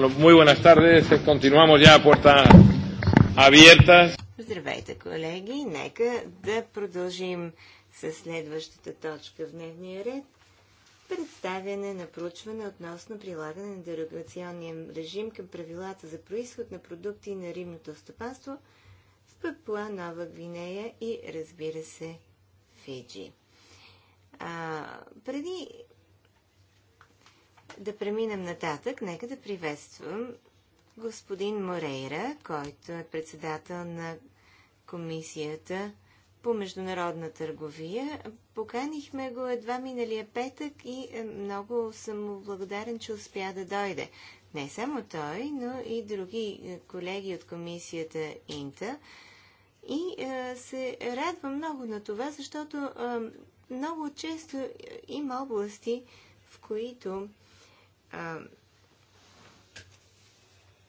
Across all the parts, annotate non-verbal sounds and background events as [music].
Bueno, muy buenas tardes. Continuamos ya a puerta abierta. Здравейте, колеги! Нека да продължим с следващата точка в дневния ред. Представяне на проучване относно прилагане на дерогационния режим към правилата за происход на продукти на рибното стопанство в Папуа, Нова Гвинея и, разбира се, Фиджи. А, преди да преминем нататък, нека да приветствам господин Морейра, който е председател на Комисията по международна търговия. Поканихме го едва миналия петък и е, много съм му благодарен, че успя да дойде. Не само той, но и други е, колеги от комисията Инта. И е, се радвам много на това, защото е, много често е, има области, в които а,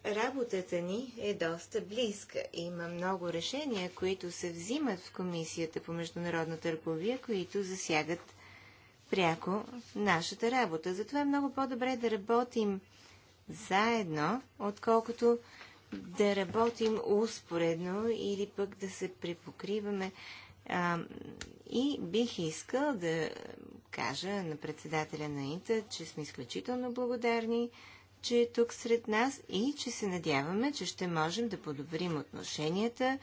работата ни е доста близка. Има много решения, които се взимат в Комисията по международна търговия, които засягат пряко нашата работа. Затова е много по-добре да работим заедно, отколкото да работим успоредно или пък да се препокриваме а, и бих искал да кажа на председателя на ИНТА, че сме изключително благодарни, че е тук сред нас и че се надяваме, че ще можем да подобрим отношенията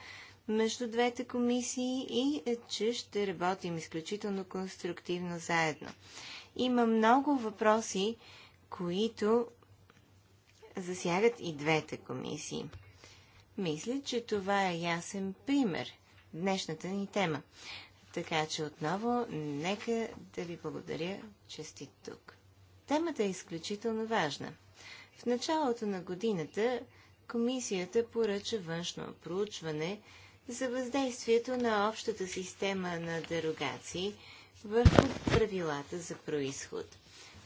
между двете комисии и е, че ще работим изключително конструктивно заедно. Има много въпроси, които засягат и двете комисии. Мисля, че това е ясен пример – днешната ни тема. Така че отново, нека да ви благодаря, че сте тук. Темата е изключително важна. В началото на годината комисията поръча външно проучване за въздействието на общата система на дерогации върху правилата за происход.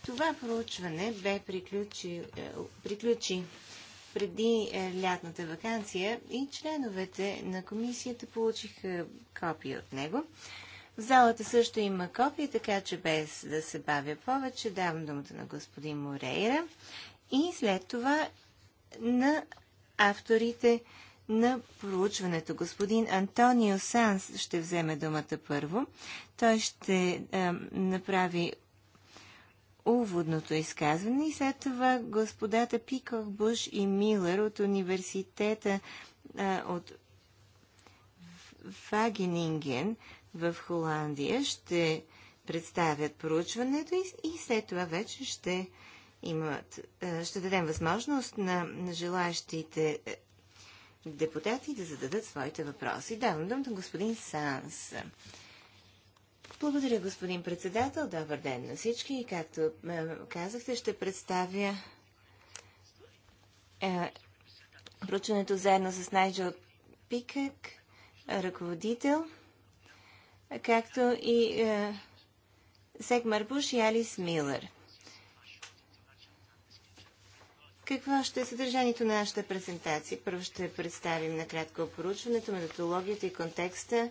Това проучване бе приключи, е, приключи преди е, лятната вакансия и членовете на комисията получиха копия от него. В залата също има копия, така че без да се бавя повече, давам думата на господин Морейра и след това на авторите на проучването. Господин Антонио Санс ще вземе думата първо. Той ще е, направи уводното изказване и след това господата Пиков Буш и Милър от университета а, от Вагенинген в Холандия ще представят проучването и, и след това вече ще имат, ще дадем възможност на, на желаящите е, депутати да зададат своите въпроси. Давам думата господин Санс. Благодаря, господин председател. Добър ден на всички. И както е, казахте, ще представя е, проучването заедно с Найджел Пикък, ръководител, както и е, Сегмар Буш и Алис Милър. Какво ще е съдържанието на нашата презентация? Първо ще представим накратко проучването, методологията и контекста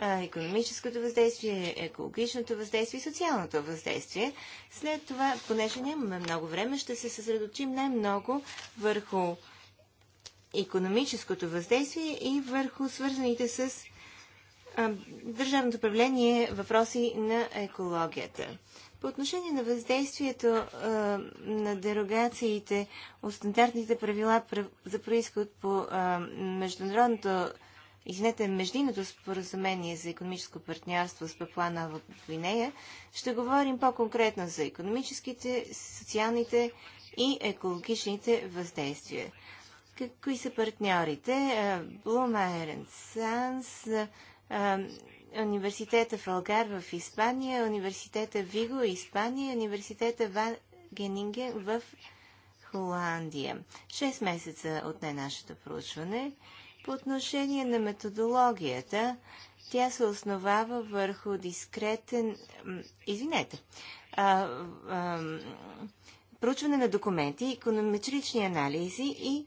економическото въздействие, екологичното въздействие и социалното въздействие. След това, понеже нямаме много време, ще се съсредоточим най-много върху економическото въздействие и върху свързаните с държавното управление въпроси на екологията. По отношение на въздействието а, на дерогациите от стандартните правила за происход по а, международното извинете, междинното споразумение за економическо партньорство с Папуа Нова Гвинея, ще говорим по-конкретно за економическите, социалните и екологичните въздействия. Какви са партньорите? Blue Санс, университета в Алгар в Испания, университета Виго, Испания, университета Вагенинген в Холандия. Шест месеца отне нашето проучване. По отношение на методологията, тя се основава върху дискретен... Извинете. А, а, проучване на документи, економетрични анализи и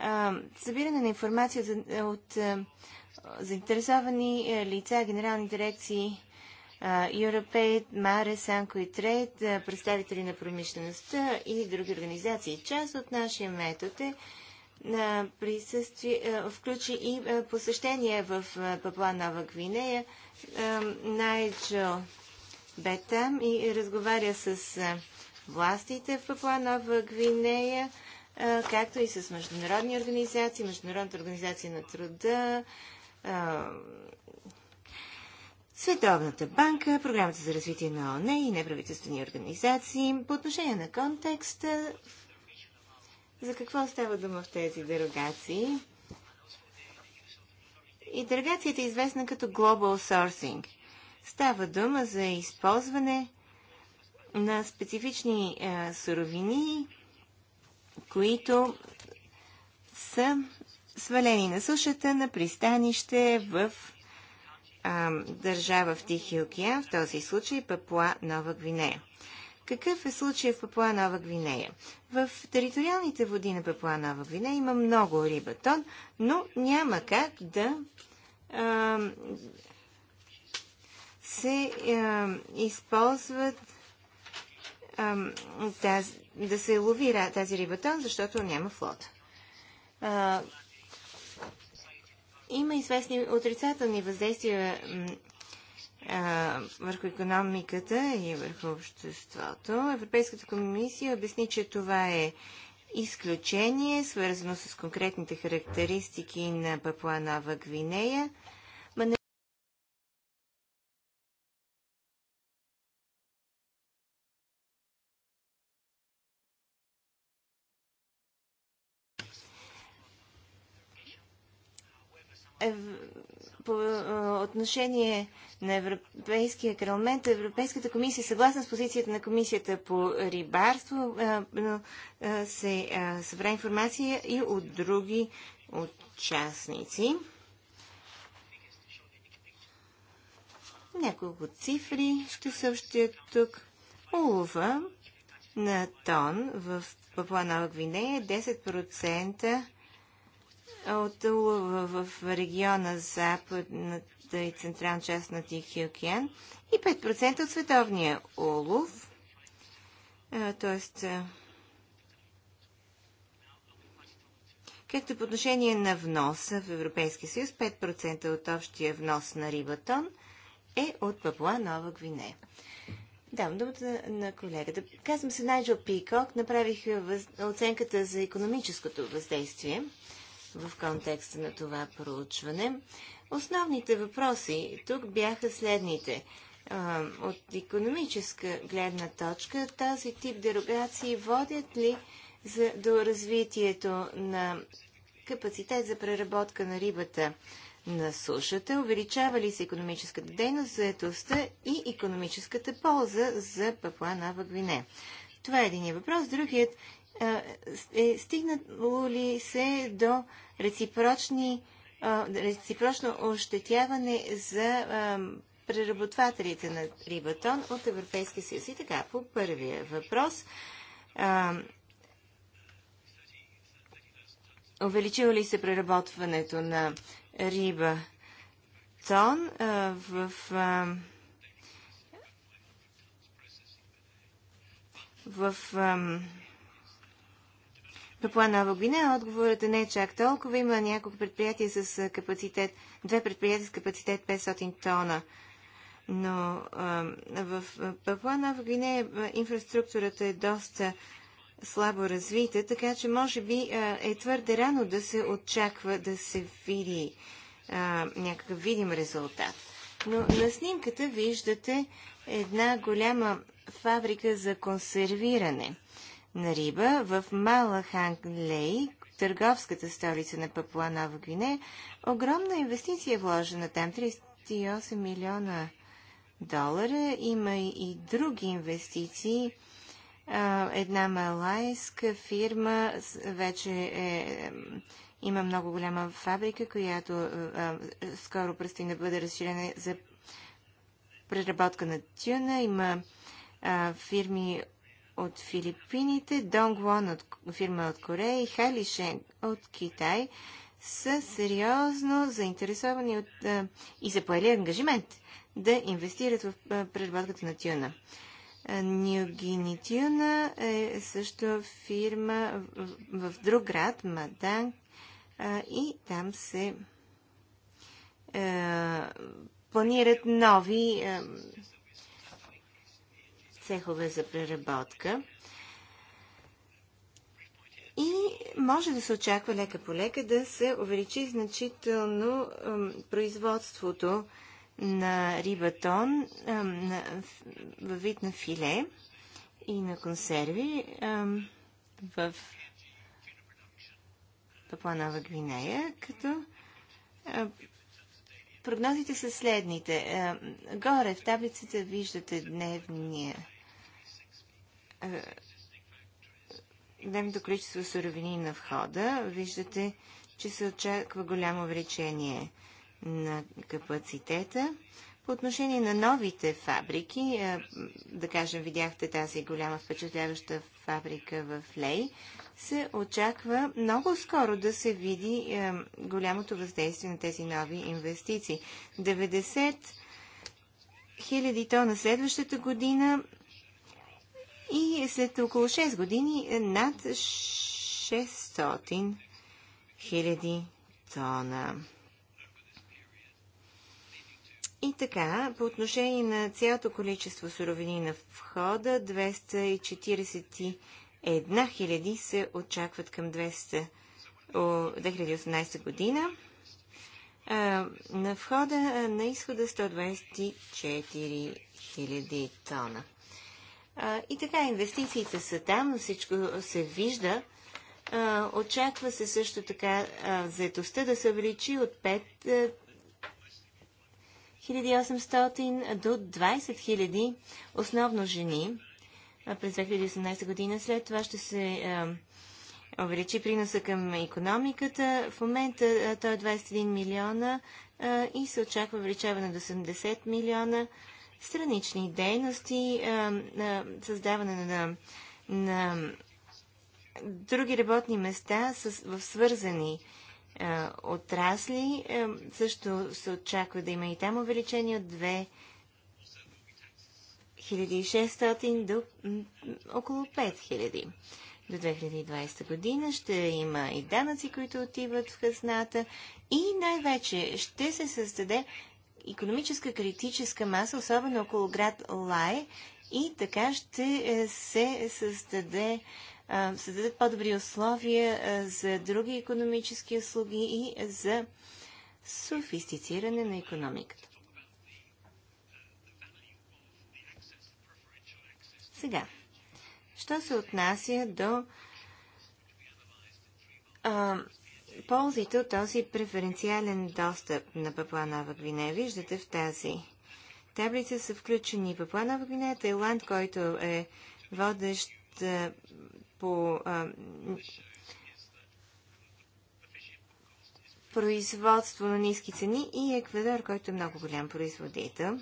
а, събиране на информация за, от а, заинтересовани лица, генерални дирекции Европейт, Маре, Санко и Трейд, представители на промишлеността и други организации. Част от нашия метод е включи и посещение в Папуа Нова Гвинея. Найджо бе там и разговаря с властите в Папуа Нова Гвинея, както и с международни организации, Международната организация на труда, Световната банка, Програмата за развитие на ОНЕ и неправителствени организации. По отношение на контекста, в за какво става дума в тези дерогации? И дерогацията е известна като Global Sourcing. Става дума за използване на специфични а, е, суровини, които са свалени на сушата, на пристанище в а, държава в Тихи океан, в този случай Папуа Нова Гвинея. Какъв е случай в Папуа Нова Гвинея? В териториалните води на Папуа Нова Гвинея има много рибатон, но няма как да а, се а, използват а, таз, да се лови тази рибатон, защото няма флота. А, има известни отрицателни въздействия върху економиката и върху обществото. Европейската комисия обясни, че това е изключение, свързано с конкретните характеристики на Папуа Нова Гвинея – по отношение на Европейския кралмент, Европейската комисия, е съгласна с позицията на комисията по рибарство, се събра информация и от други участници. Няколко цифри ще съобщя тук. Улова на тон в Папуа Нова Гвинея 10% е от улова в региона западната и централна част на Тихия океан и 5% от световния улов. Тоест, както по отношение на вноса в Европейския съюз, 5% от общия внос на рибатон е от Папуа Нова Гвинея. Давам думата на колегата. Казвам се Найджел Пикок. Направих въз... оценката за економическото въздействие в контекста на това проучване. Основните въпроси тук бяха следните. От економическа гледна точка тази тип дерогации водят ли за, до развитието на капацитет за преработка на рибата на сушата, увеличава ли се економическата дейност, заетостта и економическата полза за Папуа Нова Гвине? Това е един въпрос. Другият е стигнало ли се до реципрочни, реципрочно ощетяване за преработвателите на рибатон от Европейския съюз. И така, по първия въпрос. увеличило ли се преработването на риба тон в в в, в Папуа Нова Гвинея отговорът не е чак толкова. Има няколко предприятия с капацитет, две предприятия с капацитет 500 тона. Но в Папуа Нова Гвинея инфраструктурата е доста слабо развита, така че може би е твърде рано да се очаква да се види някакъв видим резултат. Но на снимката виждате една голяма фабрика за консервиране – на риба в Малаханг Лейк, търговската столица на Папуа Нова Гвине. Огромна инвестиция е вложена там, 38 милиона долара. Има и други инвестиции. Една малайска фирма вече е, има много голяма фабрика, която скоро предстои да бъде разширена за преработка на тюна. Има фирми от Филипините, Донгвон от фирма от Корея и Хайли Шен от Китай са сериозно заинтересовани от, а, и са поели ангажимент да инвестират в а, преработката на тюна. Нюгини Тюна е също фирма в, в, друг град, Мадан, а, и там се планират нови цехове за преработка. И може да се очаква лека по лека да се увеличи значително производството на рибатон във вид на филе и на консерви в Папуа Нова Гвинея, като прогнозите са следните. Горе в таблицата виждате дневния големото е, количество суровини на входа, виждате, че се очаква голямо увеличение на капацитета. По отношение на новите фабрики, е, да кажем, видяхте тази голяма впечатляваща фабрика в Лей, се очаква много скоро да се види е, голямото въздействие на тези нови инвестиции. 90 хиляди тона следващата година, и след около 6 години е, над 600 хиляди тона. И така, по отношение на цялото количество суровини на входа, 241 хиляди се очакват към 200, 2018 година. на входа, на изхода 124 хиляди тона. А, и така, инвестициите са там, всичко се вижда. А, очаква се също така заетостта заедостта да се увеличи от 5800 до 20 000 основно жени през 2018 година. След това ще се увеличи приноса към економиката. В момента той е 21 милиона и се очаква увеличаване до 80 милиона странични дейности, създаване на, на други работни места в свързани отрасли. Също се очаква да има и там увеличение от 2600 до около 5000. До 2020 година ще има и данъци, които отиват в хазната и най-вече ще се създаде економическа критическа маса, особено около град Лай, и така ще е, се създаде създадат по-добри условия за други економически услуги и за софистициране на економиката. Сега, що се отнася до а, ползите от този преференциален достъп на Папуа Нова Гвинея. Виждате в тази таблица са включени Папуа Нова Гвинея, Тайланд, който е водещ а, по а, производство на ниски цени и Еквадор, който е много голям производител.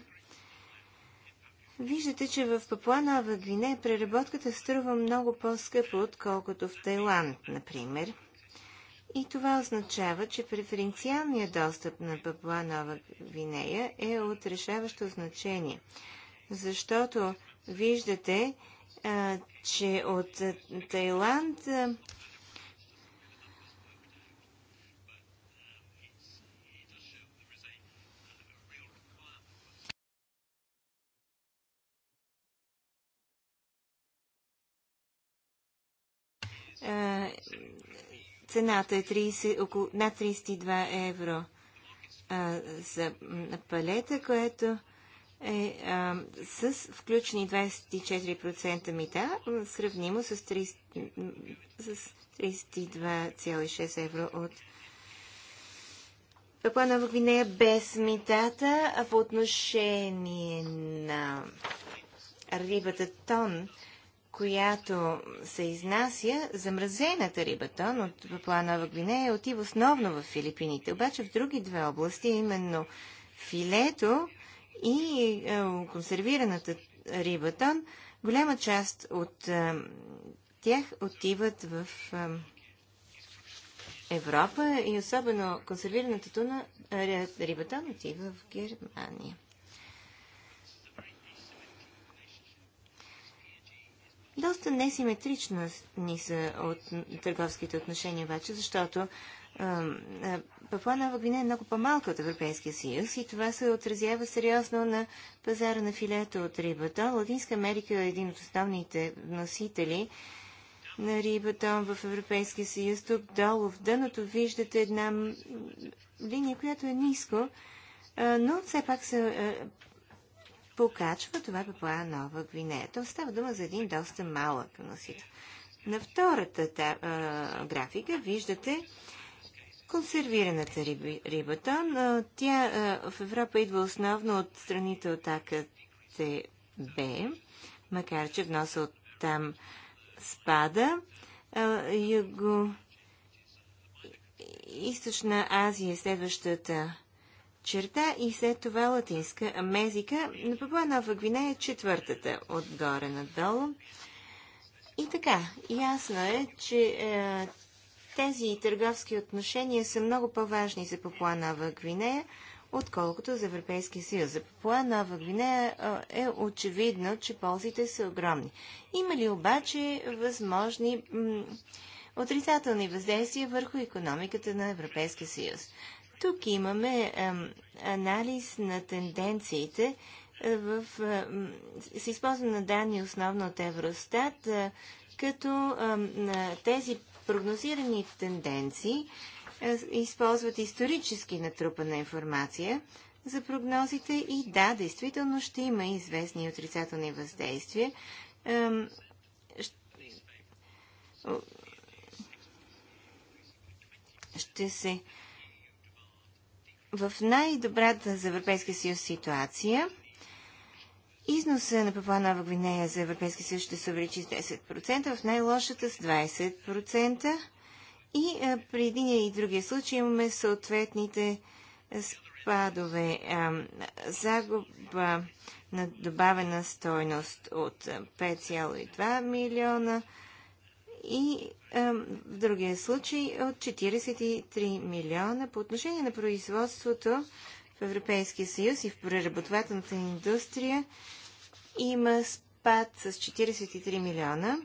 Виждате, че в Папуа Нова Гвинея преработката струва много по-скъпо, отколкото в Тайланд, например – и това означава, че преференциалният достъп на Папуа Нова Гвинея е от решаващо значение. Защото виждате, че от Тайланд Цената е 30, около, над 32 евро а, за палета, което е а, с включени 24% мита, сравнимо с, 30, с 32,6 евро от Папуа Нова Гвинея без митата, а по отношение на рибата тон която се изнася, замразената риба тон от Нова Гвинея е отива основно в Филипините. Обаче в други две области, именно филето и е, консервираната риба тон, голяма част от е, тях отиват в Европа и особено консервираната туна, рибатон отива в Германия. Доста несиметрична ни са от търговските отношения обаче, защото Папуа Нова Гвинея е много по-малка от Европейския съюз и това се отразява сериозно на пазара на филето от рибата. Латинска Америка е един от основните носители на рибата в Европейския съюз. Тук долу в дъното виждате една линия, която е ниско, но все пак се покачва това Папуа Нова Гвинея. То става дума за един доста малък носител. На втората та, а, графика виждате консервираната риб, рибата. Но тя а, в Европа идва основно от страните от АКТБ, макар че вноса от там спада. А, юго... Източна Азия е следващата черта и след това Латинска мезика, На Папуа Нова Гвинея е четвъртата отгоре надолу. И така, ясно е, че е, тези търговски отношения са много по-важни за Папуа Нова Гвинея, отколкото за Европейския съюз. За Папуа Нова Гвинея е, е очевидно, че ползите са огромни. Има ли обаче възможни отрицателни въздействия върху економиката на Европейския съюз? Тук имаме анализ на тенденциите в, с използване на данни основно от Евростат, като тези прогнозирани тенденции използват исторически натрупана информация за прогнозите и да, действително ще има известни отрицателни въздействия. Ще се в най-добрата за Европейския съюз ситуация износа на Папуа Нова Гвинея за Европейския съюз ще се увеличи с 10%, в най-лошата с 20%. И при един и другия случай имаме съответните спадове. загуба на добавена стойност от 5,2 милиона и е, в другия случай от 43 милиона по отношение на производството в Европейския съюз и в преработвателната индустрия има спад с 43 милиона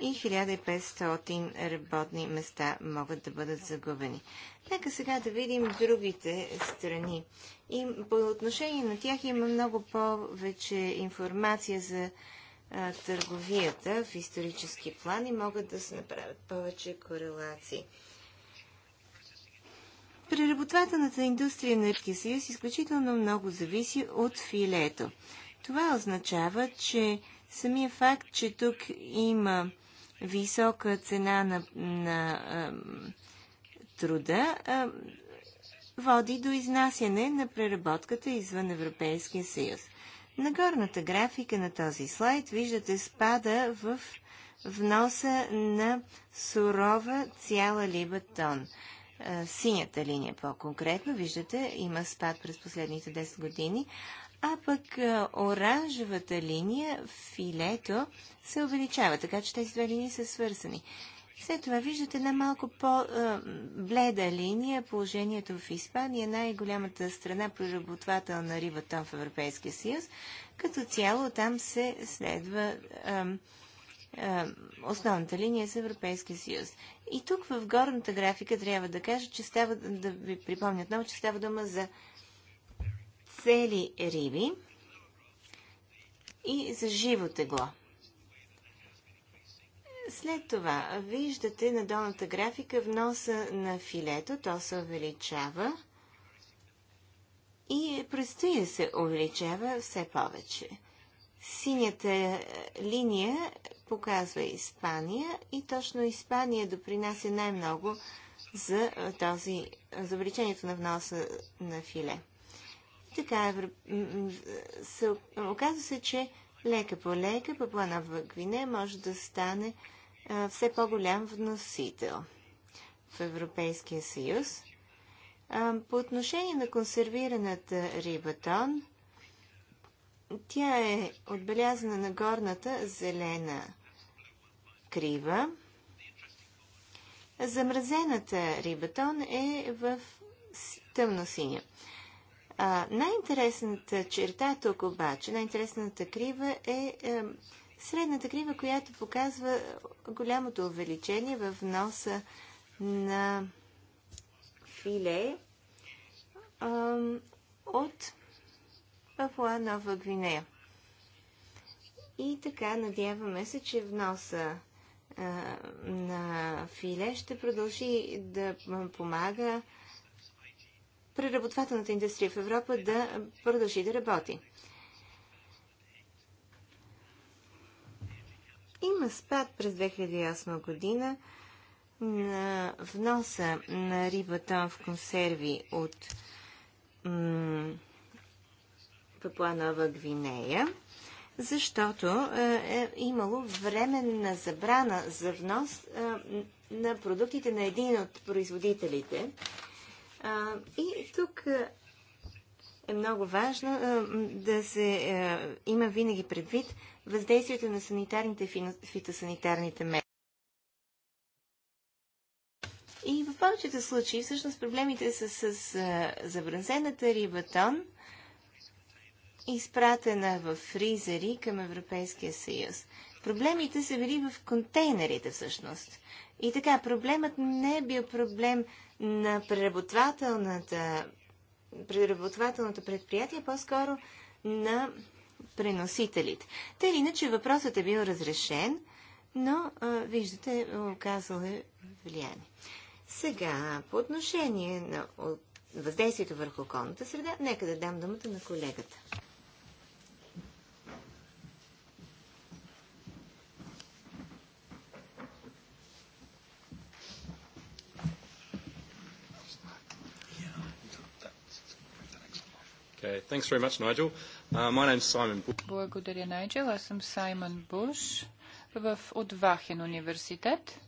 и 1500 работни места могат да бъдат загубени. Нека сега да видим другите страни. И по отношение на тях има много повече информация за търговията в исторически план и могат да се направят повече корелации. Преработвателната индустрия на Ръпския съюз изключително много зависи от филето. Това означава, че самия факт, че тук има висока цена на, на а, труда, а, води до изнасяне на преработката извън Европейския съюз. На горната графика на този слайд виждате спада в вноса на сурова цяла либа тон. Синята линия по-конкретно, виждате, има спад през последните 10 години, а пък оранжевата линия, филето, се увеличава, така че тези две линии са свързани. След това виждате една малко по-бледа линия. Положението в Испания, най-голямата страна проработвател на там в Европейския съюз. Като цяло там се следва а, а, основната линия с Европейския съюз. И тук в горната графика трябва да кажа, че става, да ви припомня отново, че става дума за цели риби и за живо тегло. След това виждате на долната графика вноса на филето, то се увеличава и предстои да се увеличава все повече. Синята линия показва Испания и точно Испания допринася най-много за, този, за увеличението на вноса на филе. Така се, оказва се, че лека по лека Папуа Нова Гвинея може да стане все по-голям вносител в Европейския съюз. По отношение на консервираната рибатон, тя е отбелязана на горната зелена крива. Замразената рибатон е в тъмно-синя. най-интересната черта тук обаче, най-интересната крива е, е средната крива, която показва голямото увеличение в носа на филе от Папуа Нова Гвинея. И така, надяваме се, че в носа а, на филе ще продължи да помага преработвателната индустрия в Европа да продължи да работи. Има спад през 2008 година на вноса на тон в консерви от Папуа Нова Гвинея, защото е, е имало временна забрана за внос е, на продуктите на един от производителите. и тук е, е много важно да се има винаги предвид въздействието на санитарните и фитосанитарните мерки. И в повечето случаи, всъщност, проблемите са с, с забранзената риба тон, изпратена в фризери към Европейския съюз. Проблемите са били в контейнерите, всъщност. И така, проблемът не е бил проблем на преработвателната преработвателното предприятие, по-скоро на преносителите. Те или иначе въпросът е бил разрешен, но а, виждате, оказал е влияние. Сега, по отношение на въздействието върху околната среда, нека да дам думата на колегата. Okay, thanks very much, Nigel. Uh, my name's Simon Bush. Благодаря, Найджел. Аз съм Саймън Буш в, от Вахен университет.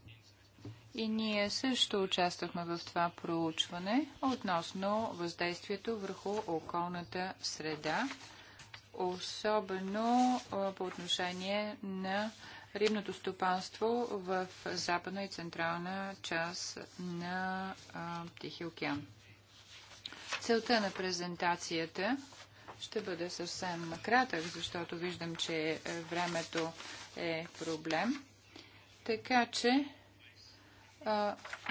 И ние също участвахме в това проучване относно въздействието върху околната среда, особено по отношение на рибното стопанство в западна и централна част на а, Тихи океан. Целта на презентацията ще бъде съвсем кратък, защото виждам, че е, времето е проблем. Така че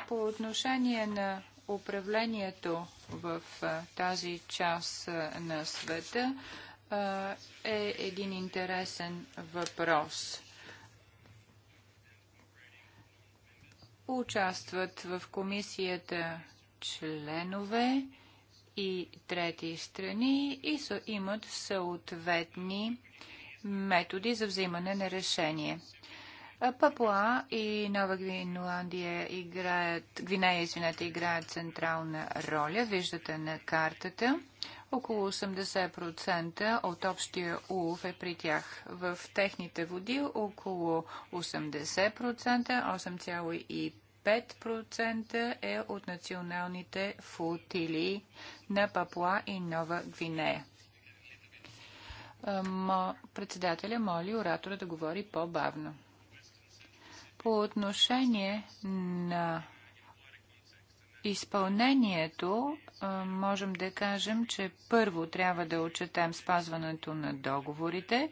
по отношение на управлението в тази част на света е един интересен въпрос. Участват в комисията членове, и трети страни и са, имат съответни методи за взимане на решение. Папуа и Нова Гвинландия играят, Гвинея, извинете, играят централна роля. Виждате на картата. Около 80% от общия улов е при тях. В техните води около 80%, 8,5% 5% е от националните флотилии на Папуа и Нова Гвинея. Е, председателя моли оратора да говори по-бавно. По отношение на изпълнението е, можем да кажем, че първо трябва да отчетем спазването на договорите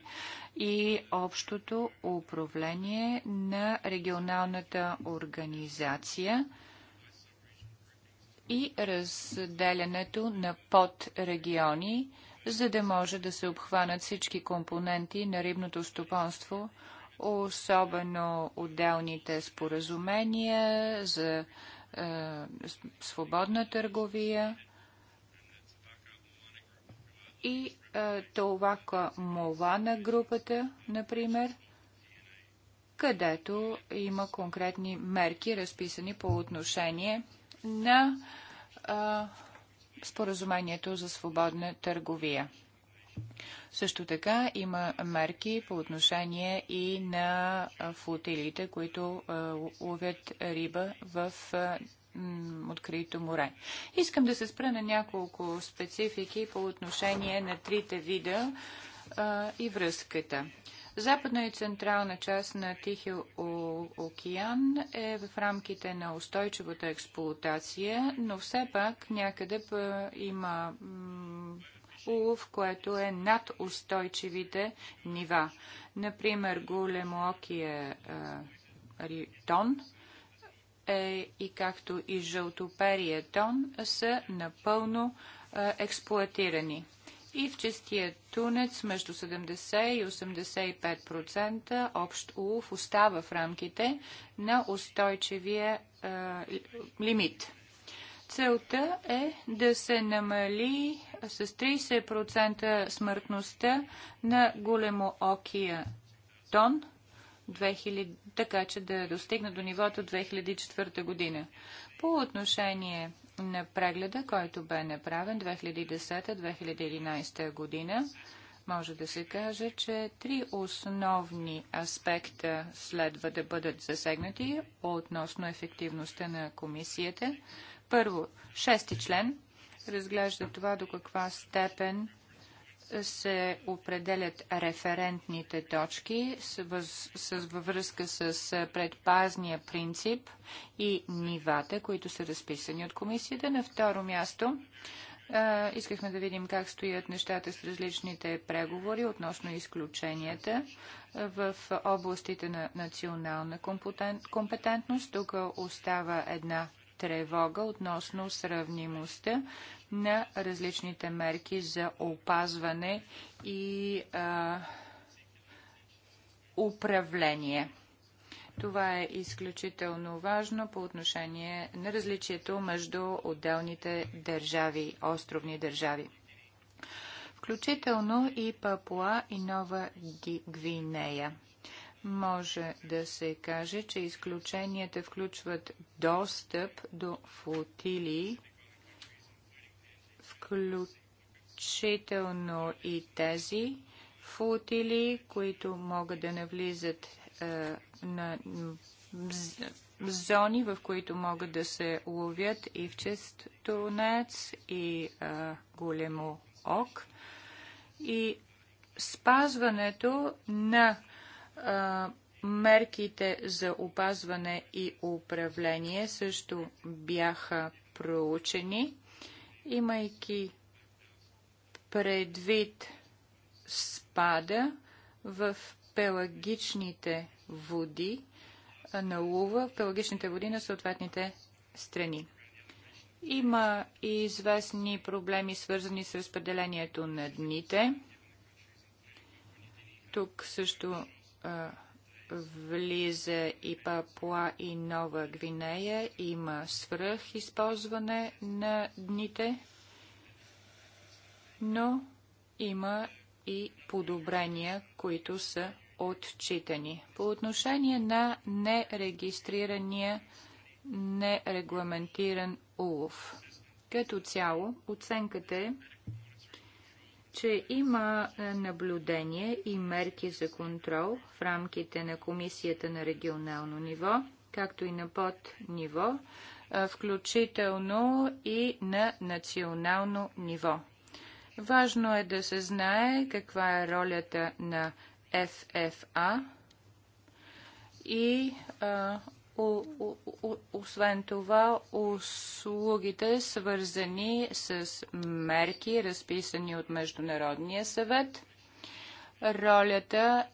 и общото управление на регионалната организация и разделянето на подрегиони, за да може да се обхванат всички компоненти на рибното стопанство, особено отделните споразумения за е, свободна търговия и е, това мова на групата, например, където има конкретни мерки, разписани по отношение на а, споразумението за свободна търговия. Също така има мерки по отношение и на флотилите, които ловят риба в открито море. Искам да се спра на няколко специфики по отношение на трите вида а, и връзката. Западна и централна част на Тихия океан е в рамките на устойчивата експлуатация, но все пак някъде има улов, което е над устойчивите нива. Например, големоокия ритон – е, и както и жълтоперия тон са напълно е, експлуатирани. И в чистия тунец между 70 и 85% общ улов остава в рамките на устойчивия е, лимит. Целта е да се намали с 30% смъртността на големоокия тон – 2000, така че да достигна до нивото 2004 година. По отношение на прегледа, който бе направен 2010-2011 година, може да се каже, че три основни аспекта следва да бъдат засегнати относно ефективността на комисията. Първо, шести член разглежда това до каква степен се определят референтните точки с, с, във връзка с предпазния принцип и нивата, които са разписани от комисията. На второ място а, искахме да видим как стоят нещата с различните преговори относно изключенията в областите на национална компетентност. Тук остава една тревога относно сравнимостта на различните мерки за опазване и а, управление. Това е изключително важно по отношение на различието между отделните държави, островни държави. Включително и Папуа и Нова Гвинея може да се каже, че изключенията включват достъп до флотилии, включително и тези флотилии, които могат да навлизат е, на зони, в които могат да се ловят и в чист тунец, и е, големо ок. И спазването на мерките за опазване и управление също бяха проучени, имайки предвид спада в пелагичните води, на лува в пелагичните води на съответните страни. Има и известни проблеми, свързани с разпределението на дните. Тук също влиза и Папуа и Нова Гвинея. Има свръх използване на дните, но има и подобрения, които са отчитани. По отношение на нерегистрирания, нерегламентиран улов. Като цяло, оценката е, че има е, наблюдение и мерки за контрол в рамките на Комисията на регионално ниво, както и на под ниво, е, включително и на национално ниво. Важно е да се знае каква е ролята на ФФА и а, е, освен това, услугите свързани с мерки, разписани от Международния съвет, ролята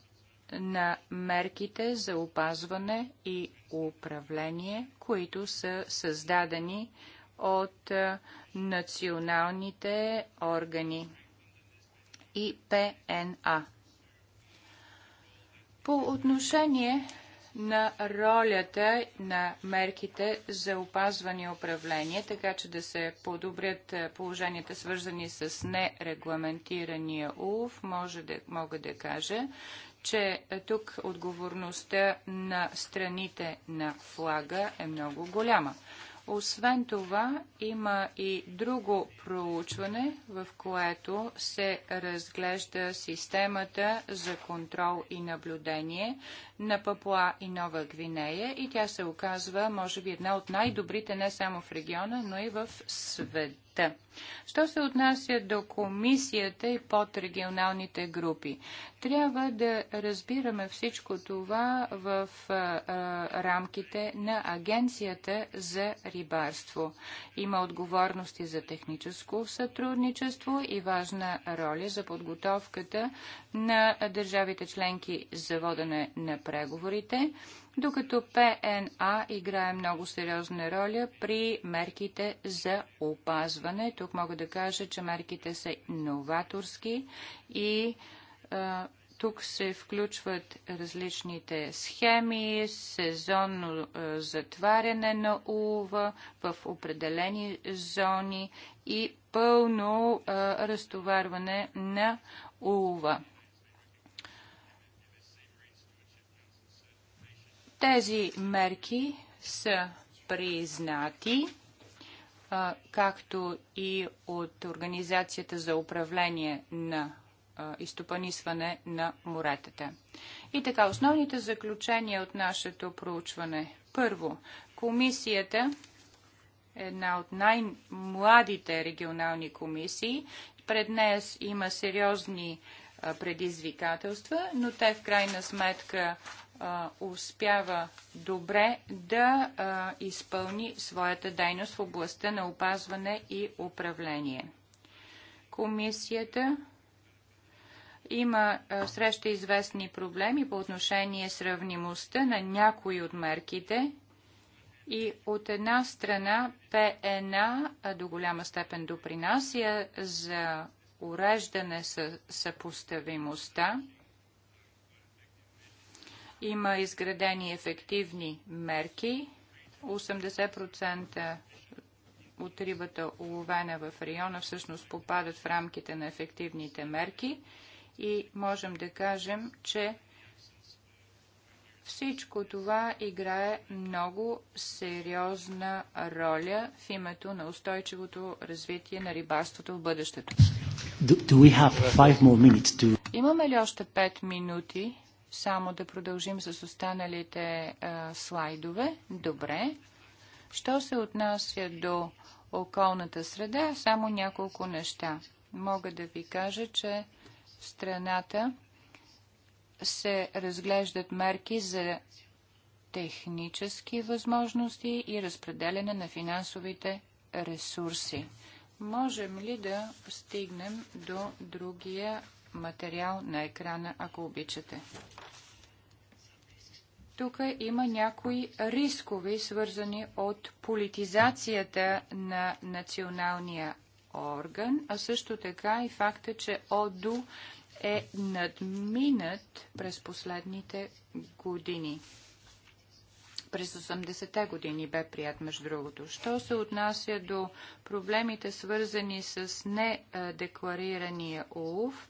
на мерките за опазване и управление, които са създадени от националните органи и ПНА. По отношение на ролята на мерките за опазване и управление, така че да се подобрят е, положенията свързани с нерегламентирания улов. Може да, мога да кажа, че е, тук отговорността на страните на флага е много голяма. Освен това, има и друго проучване, в което се разглежда системата за контрол и наблюдение на Папуа и Нова Гвинея и тя се оказва, може би, една от най-добрите не само в региона, но и в света Та. Що се отнася до комисията и подрегионалните групи? Трябва да разбираме всичко това в а, а, рамките на Агенцията за рибарство. Има отговорности за техническо сътрудничество и важна роля за подготовката на държавите членки за водене на преговорите докато ПНА играе много сериозна роля при мерките за опазване. Тук мога да кажа, че мерките са новаторски и а, тук се включват различните схеми, сезонно а, затваряне на улова в определени зони и пълно а, разтоварване на улова. Тези мерки са признати както и от Организацията за управление на изтопанисване на моретата. И така, основните заключения от нашето проучване. Първо, комисията, една от най-младите регионални комисии, пред нея има сериозни предизвикателства, но те в крайна сметка успява добре да а, изпълни своята дейност в областта на опазване и управление. Комисията има а, среща известни проблеми по отношение сравнимостта на някои от мерките и от една страна ПНА до голяма степен допринася за уреждане съ съпоставимостта има изградени ефективни мерки. 80% от рибата уловена в района всъщност попадат в рамките на ефективните мерки и можем да кажем, че всичко това играе много сериозна роля в името на устойчивото развитие на рибарството в бъдещето. Do, do to... Имаме ли още 5 минути? само да продължим с останалите а, слайдове. Добре. Що се отнася до околната среда, само няколко неща. Мога да ви кажа, че в страната се разглеждат мерки за технически възможности и разпределяне на финансовите ресурси. Можем ли да стигнем до другия материал на екрана, ако обичате? тук има някои рискови, свързани от политизацията на националния орган, а също така и факта, че ОДУ е надминат през последните години. През 80-те години бе прият, между другото. Що се отнася до проблемите, свързани с недекларирания улов,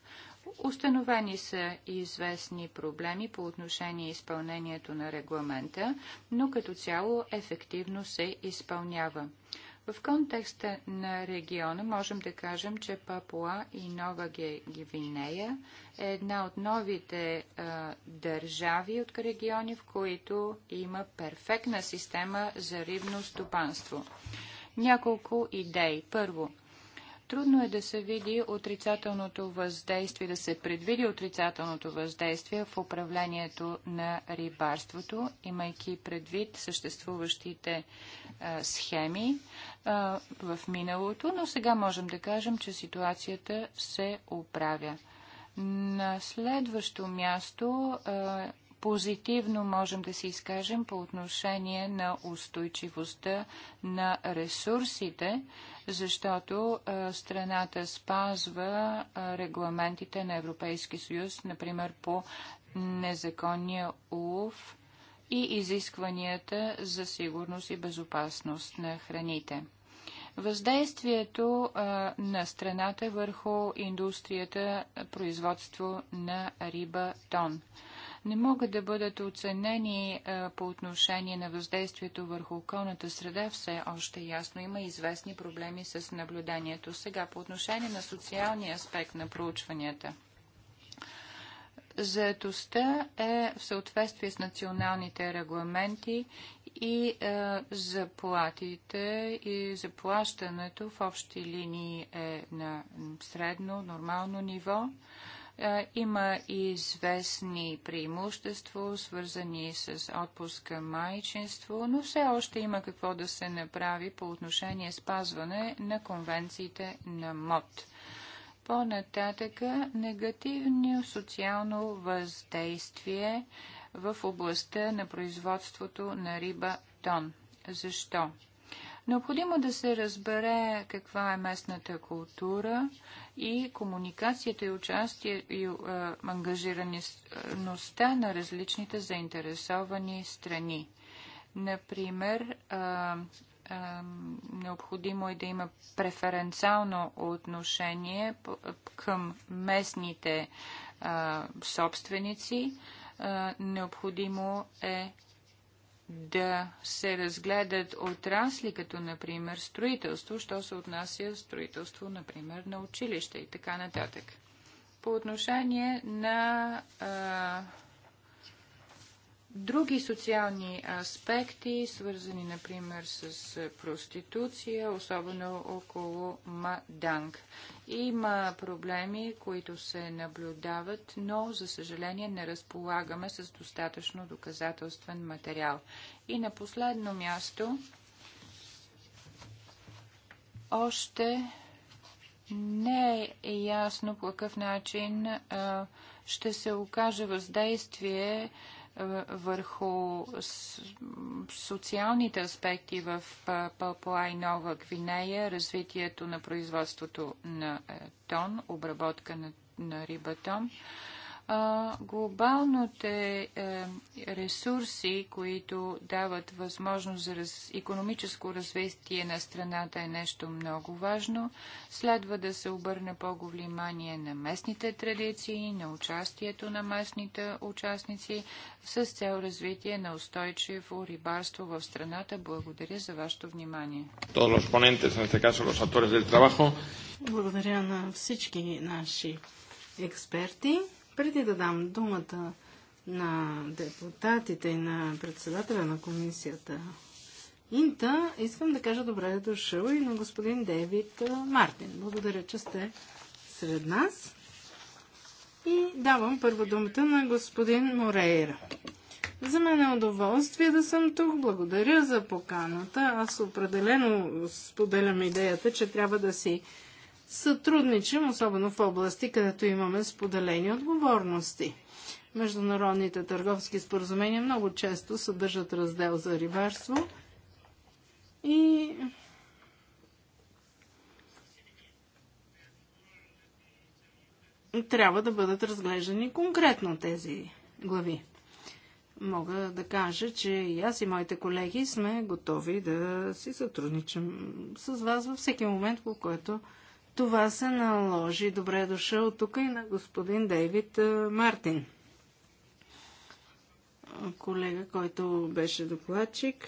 Установени са известни проблеми по отношение изпълнението на регламента, но като цяло ефективно се изпълнява. В контекста на региона можем да кажем, че Папуа и Нова Гвинея е една от новите а, държави от региони, в които има перфектна система за рибно стопанство. Няколко идеи. Първо, Трудно е да се види отрицателното въздействие, да се предвиди отрицателното въздействие в управлението на рибарството, имайки предвид съществуващите а, схеми а, в миналото, но сега можем да кажем, че ситуацията се оправя. На следващо място а, позитивно можем да се изкажем по отношение на устойчивостта на ресурсите, защото страната спазва регламентите на Европейски съюз, например по незаконния улов и изискванията за сигурност и безопасност на храните. Въздействието а, на страната върху индустрията производство на риба тон не могат да бъдат оценени а, по отношение на въздействието върху околната среда, все още ясно има известни проблеми с наблюдението. Сега по отношение на социалния аспект на проучванията. Заетостта е в съответствие с националните регламенти и е, заплатите и заплащането в общи линии е на средно, нормално ниво. Е, има известни преимущества, свързани с отпуска майчинство, но все още има какво да се направи по отношение спазване на конвенциите на МОД. По-нататъка негативно социално въздействие в областта на производството на риба тон. Защо? Необходимо да се разбере каква е местната култура и комуникацията и участие и е, ангажираността на различните заинтересовани страни. Например, е, е, необходимо е да има преференциално отношение към местните е, собственици. Е, необходимо е да се разгледат отрасли, като например строителство, що се отнася строителство, например, на училище и така нататък. По отношение на а, други социални аспекти, свързани, например, с проституция, особено около Маданг. Има проблеми, които се наблюдават, но, за съжаление, не разполагаме с достатъчно доказателствен материал. И на последно място, още не е ясно по какъв начин а, ще се окаже въздействие е, върху социалните аспекти в е, Папуа и Нова Гвинея, развитието на производството на е, тон, обработка на, на рибатон. тон глобалните е, ресурси, които дават възможност за раз, економическо развитие на страната е нещо много важно. Следва да се обърне по-го внимание на местните традиции, на участието на местните участници с цел развитие на устойчиво рибарство в страната. Благодаря за вашето внимание. Благодаря на всички наши експерти. Преди да дам думата на депутатите и на председателя на комисията Инта, искам да кажа добре дошъл и на господин Девид Мартин. Благодаря, че сте сред нас. И давам първа думата на господин Морейра. За мен е удоволствие да съм тук. Благодаря за поканата. Аз определено споделям идеята, че трябва да си сътрудничим, особено в области, където имаме споделени отговорности. Международните търговски споразумения много често съдържат раздел за рибарство и трябва да бъдат разглеждани конкретно тези глави. Мога да кажа, че и аз и моите колеги сме готови да си сътрудничим с вас във всеки момент, по който това се наложи. Добре е дошъл тук и на господин Дейвид е, Мартин. Колега, който беше докладчик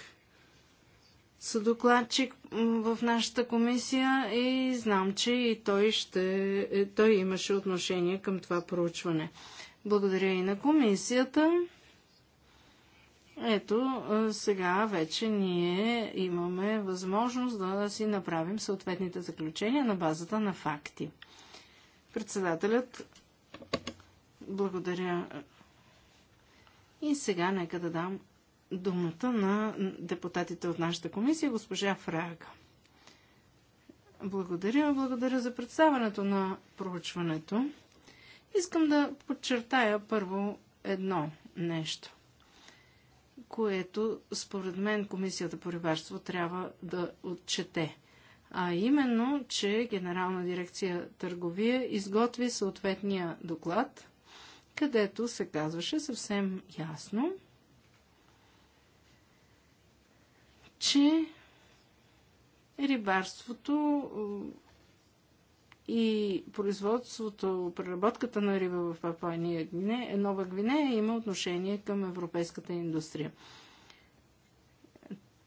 докладчик в нашата комисия и знам, че и той, ще, е, той имаше отношение към това проучване. Благодаря и на комисията. Ето, сега вече ние имаме възможност да си направим съответните заключения на базата на факти. Председателят, благодаря. И сега нека да дам думата на депутатите от нашата комисия, госпожа Фрага. Благодаря, благодаря за представането на проучването. Искам да подчертая първо едно нещо което според мен Комисията по рибарство трябва да отчете. А именно, че Генерална дирекция търговия изготви съответния доклад, където се казваше съвсем ясно, че рибарството и производството, преработката на риба в Папания Нова Гвинея има отношение към европейската индустрия.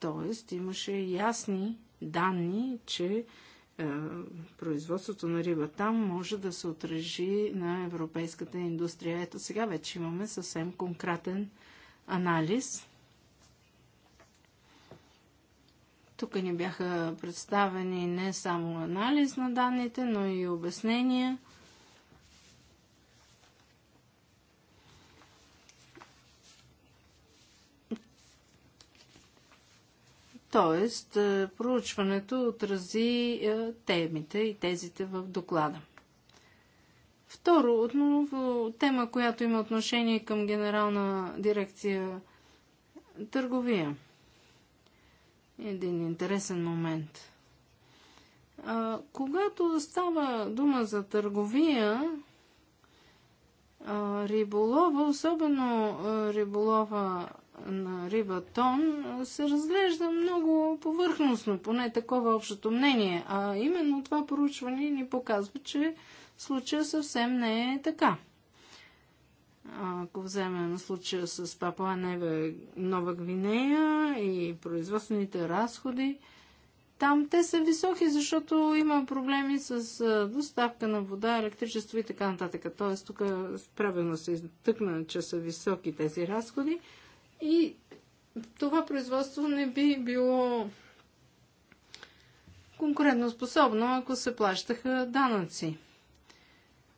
Тоест имаше ясни данни, че е, производството на риба там може да се отрежи на европейската индустрия. Ето сега вече имаме съвсем конкретен анализ – Тук ни бяха представени не само анализ на данните, но и обяснения. Тоест, е, проучването отрази е, темите и тезите в доклада. Второ, отново тема, която има отношение към генерална дирекция търговия – един интересен момент. А, когато става дума за търговия, а, риболова, особено а, риболова на риба тон, се разглежда много повърхностно, поне такова общото мнение. А именно това проучване ни показва, че случая съвсем не е така. Ако вземем случая с Папа Неве, Нова Гвинея и производствените разходи, там те са високи, защото има проблеми с доставка на вода, електричество и така нататък. Тоест, тук правилно се изтъкна, че са високи тези разходи и това производство не би било конкурентоспособно, ако се плащаха данъци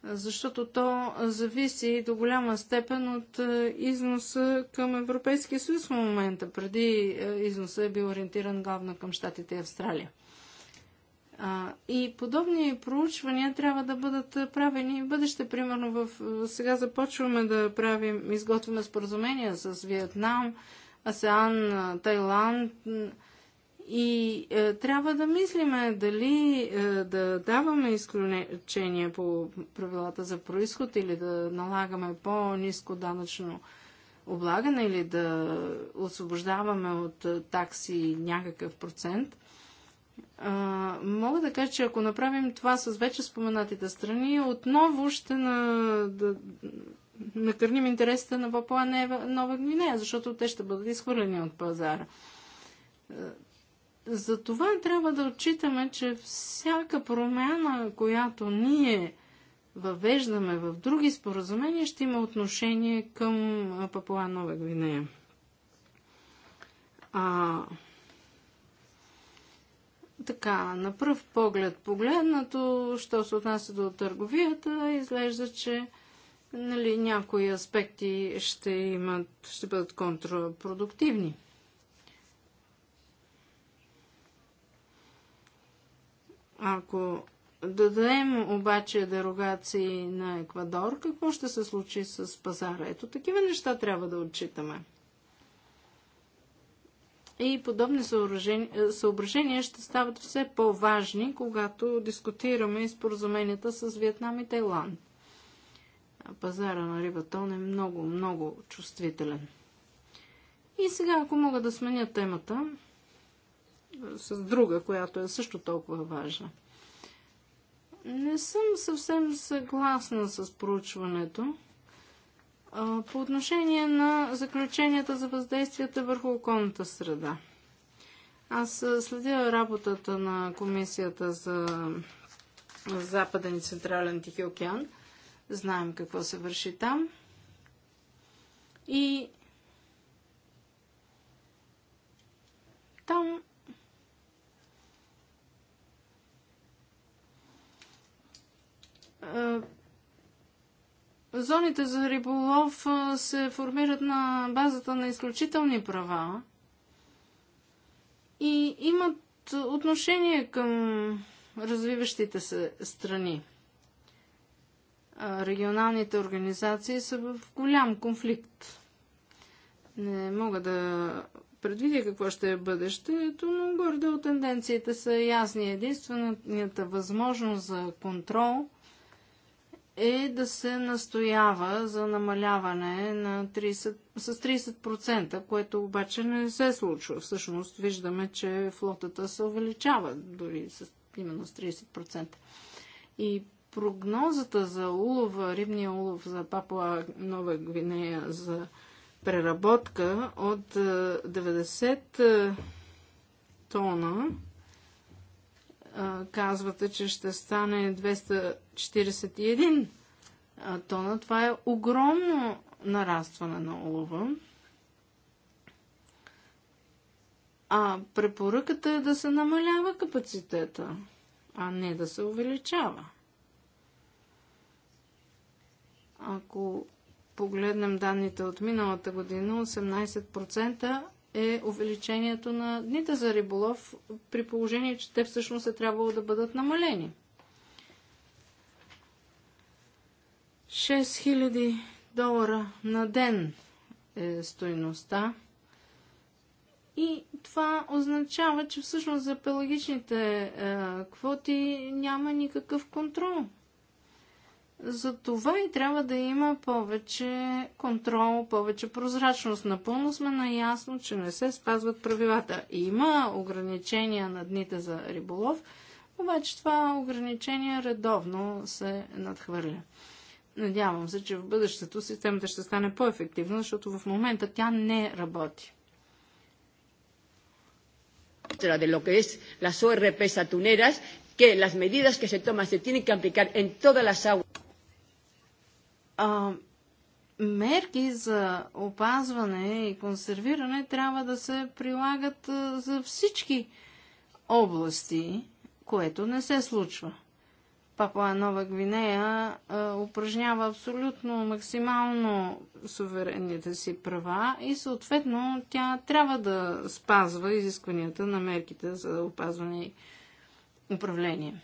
защото то зависи до голяма степен от е, износа към Европейския съюз в момента. Преди е, износа е бил ориентиран главно към Штатите и Австралия. И подобни проучвания трябва да бъдат правени в бъдеще. Примерно в... Е, сега започваме да правим, изготвяме споразумения с Виетнам, АСЕАН, Тайланд, и е, трябва да мислиме дали е, да даваме изключения по правилата за происход или да налагаме по-низко данъчно облагане или да освобождаваме от е, такси някакъв процент. Е, мога да кажа, че ако направим това с вече споменатите страни, отново ще на, да, накърним интересите на Папуа Нова Гвинея, защото те ще бъдат изхвърлени от пазара е, затова трябва да отчитаме, че всяка промяна, която ние въвеждаме в други споразумения, ще има отношение към Папуа Нова Гвинея. А, така, на пръв поглед погледнато, що се отнася до търговията, изглежда, че нали, някои аспекти ще, имат, ще бъдат контрапродуктивни. Ако дадем обаче дерогации на Еквадор, какво ще се случи с пазара? Ето такива неща трябва да отчитаме. И подобни съображения ще стават все по-важни, когато дискутираме и споразуменията с Виетнам и Тайланд. Пазара на рибатон е много, много чувствителен. И сега, ако мога да сменя темата, с друга, която е също толкова важна. Не съм съвсем съгласна с проучването. По отношение на заключенията за въздействията върху околната среда. Аз следя работата на Комисията за Западен и Централен Тихи океан. Знаем какво се върши там. И там Зоните за риболов се формират на базата на изключителни права и имат отношение към развиващите се страни. Регионалните организации са в голям конфликт. Не мога да предвидя какво ще е бъдещето, но гордо тенденциите са ясни. Единствената възможност за контрол – е да се настоява за намаляване на 30, с 30%, което обаче не се случва. Всъщност виждаме, че флотата се увеличава дори с, именно с 30%. И прогнозата за улова, рибния улов за Папуа Нова Гвинея за преработка от 90 е, е, тона казвате, че ще стане 241 тона. Това е огромно нарастване на улова. А препоръката е да се намалява капацитета, а не да се увеличава. Ако погледнем данните от миналата година, 18% е увеличението на дните за риболов, при положение, че те всъщност е трябвало да бъдат намалени. 6000 долара на ден е стоеността. И това означава, че всъщност за пелагичните е, квоти няма никакъв контрол. За това и трябва да има повече контрол, повече прозрачност. Напълно сме наясно, че не се спазват правилата. Има ограничения на дните за риболов, обаче това ограничение редовно се надхвърля. Надявам се, че в бъдещето системата ще стане по-ефективна, защото в момента тя не работи. De lo que es las ORP satuneras, que las medidas que se toman se tienen que aplicar en todas las aguas а, мерки за опазване и консервиране трябва да се прилагат за всички области, което не се случва. Папа Нова Гвинея а, упражнява абсолютно максимално суверенните си права и съответно тя трябва да спазва изискванията на мерките за опазване и управление.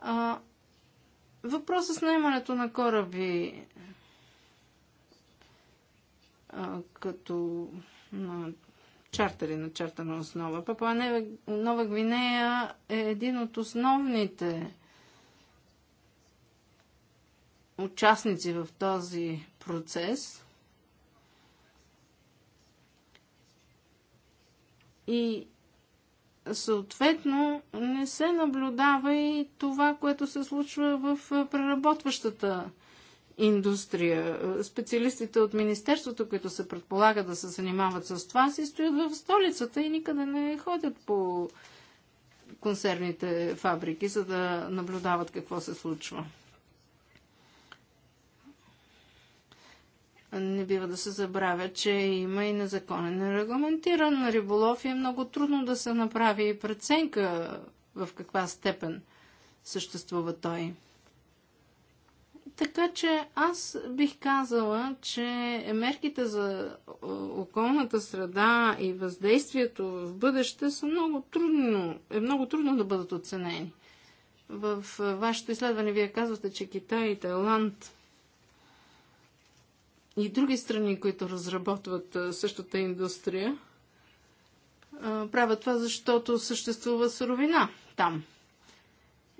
А, Въпросът с наемането на кораби а, като на чартер на основа. Папа Нова Гвинея е един от основните участници в този процес. И съответно не се наблюдава и това, което се случва в преработващата индустрия. Специалистите от Министерството, които се предполага да се занимават с това, си стоят в столицата и никъде не ходят по консервните фабрики, за да наблюдават какво се случва. Не бива да се забравя, че има и незаконен регламентиран риболов и е много трудно да се направи и преценка в каква степен съществува той. Така че аз бих казала, че мерките за околната среда и въздействието в бъдеще са много трудно, е много трудно да бъдат оценени. В вашето изследване вие казвате, че Китай и Тайланд и други страни, които разработват същата индустрия, правят това, защото съществува суровина там.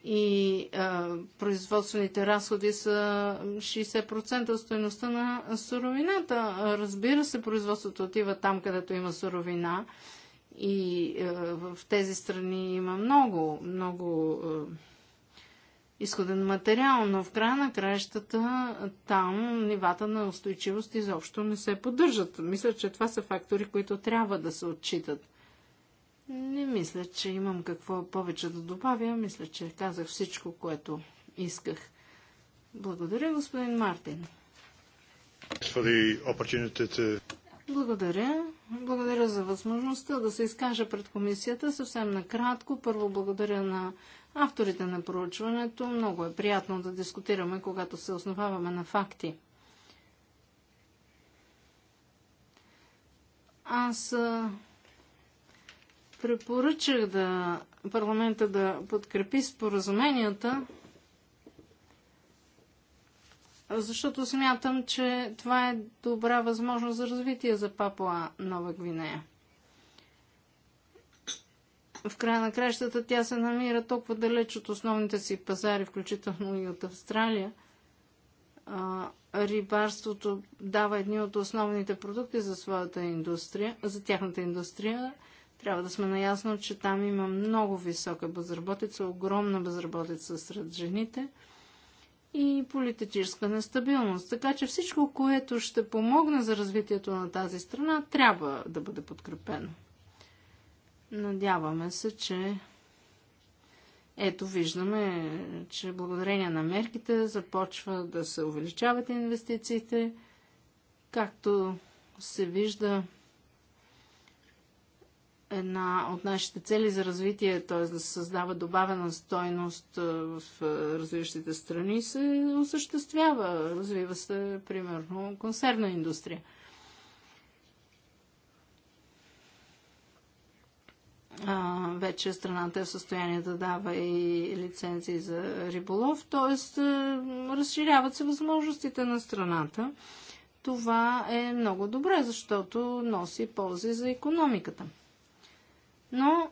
И а, производствените разходи са 60% от стоеността на суровината. Разбира се, производството отива там, където има суровина. И а, в тези страни има много, много изходен материал, но в края на краищата там нивата на устойчивост изобщо не се поддържат. Мисля, че това са фактори, които трябва да се отчитат. Не мисля, че имам какво повече да добавя. Мисля, че казах всичко, което исках. Благодаря, господин Мартин. Благодаря. Благодаря за възможността да се изкажа пред комисията. Съвсем накратко. Първо благодаря на авторите на проучването. Много е приятно да дискутираме, когато се основаваме на факти. Аз препоръчах да парламента да подкрепи споразуменията, защото смятам, че това е добра възможност за развитие за Папуа Нова Гвинея в края на кращата тя се намира толкова далеч от основните си пазари, включително и от Австралия. А, рибарството дава едни от основните продукти за своята индустрия, за тяхната индустрия. Трябва да сме наясно, че там има много висока безработица, огромна безработица сред жените и политическа нестабилност. Така че всичко, което ще помогне за развитието на тази страна, трябва да бъде подкрепено. Надяваме се, че ето виждаме, че благодарение на мерките започва да се увеличават инвестициите. Както се вижда, една от нашите цели за развитие, т.е. да се създава добавена стойност в развиващите страни, се осъществява. Развива се, примерно, консервна индустрия. а, вече страната е в състояние да дава и лицензии за риболов, т.е. Е, разширяват се възможностите на страната. Това е много добре, защото носи ползи за економиката. Но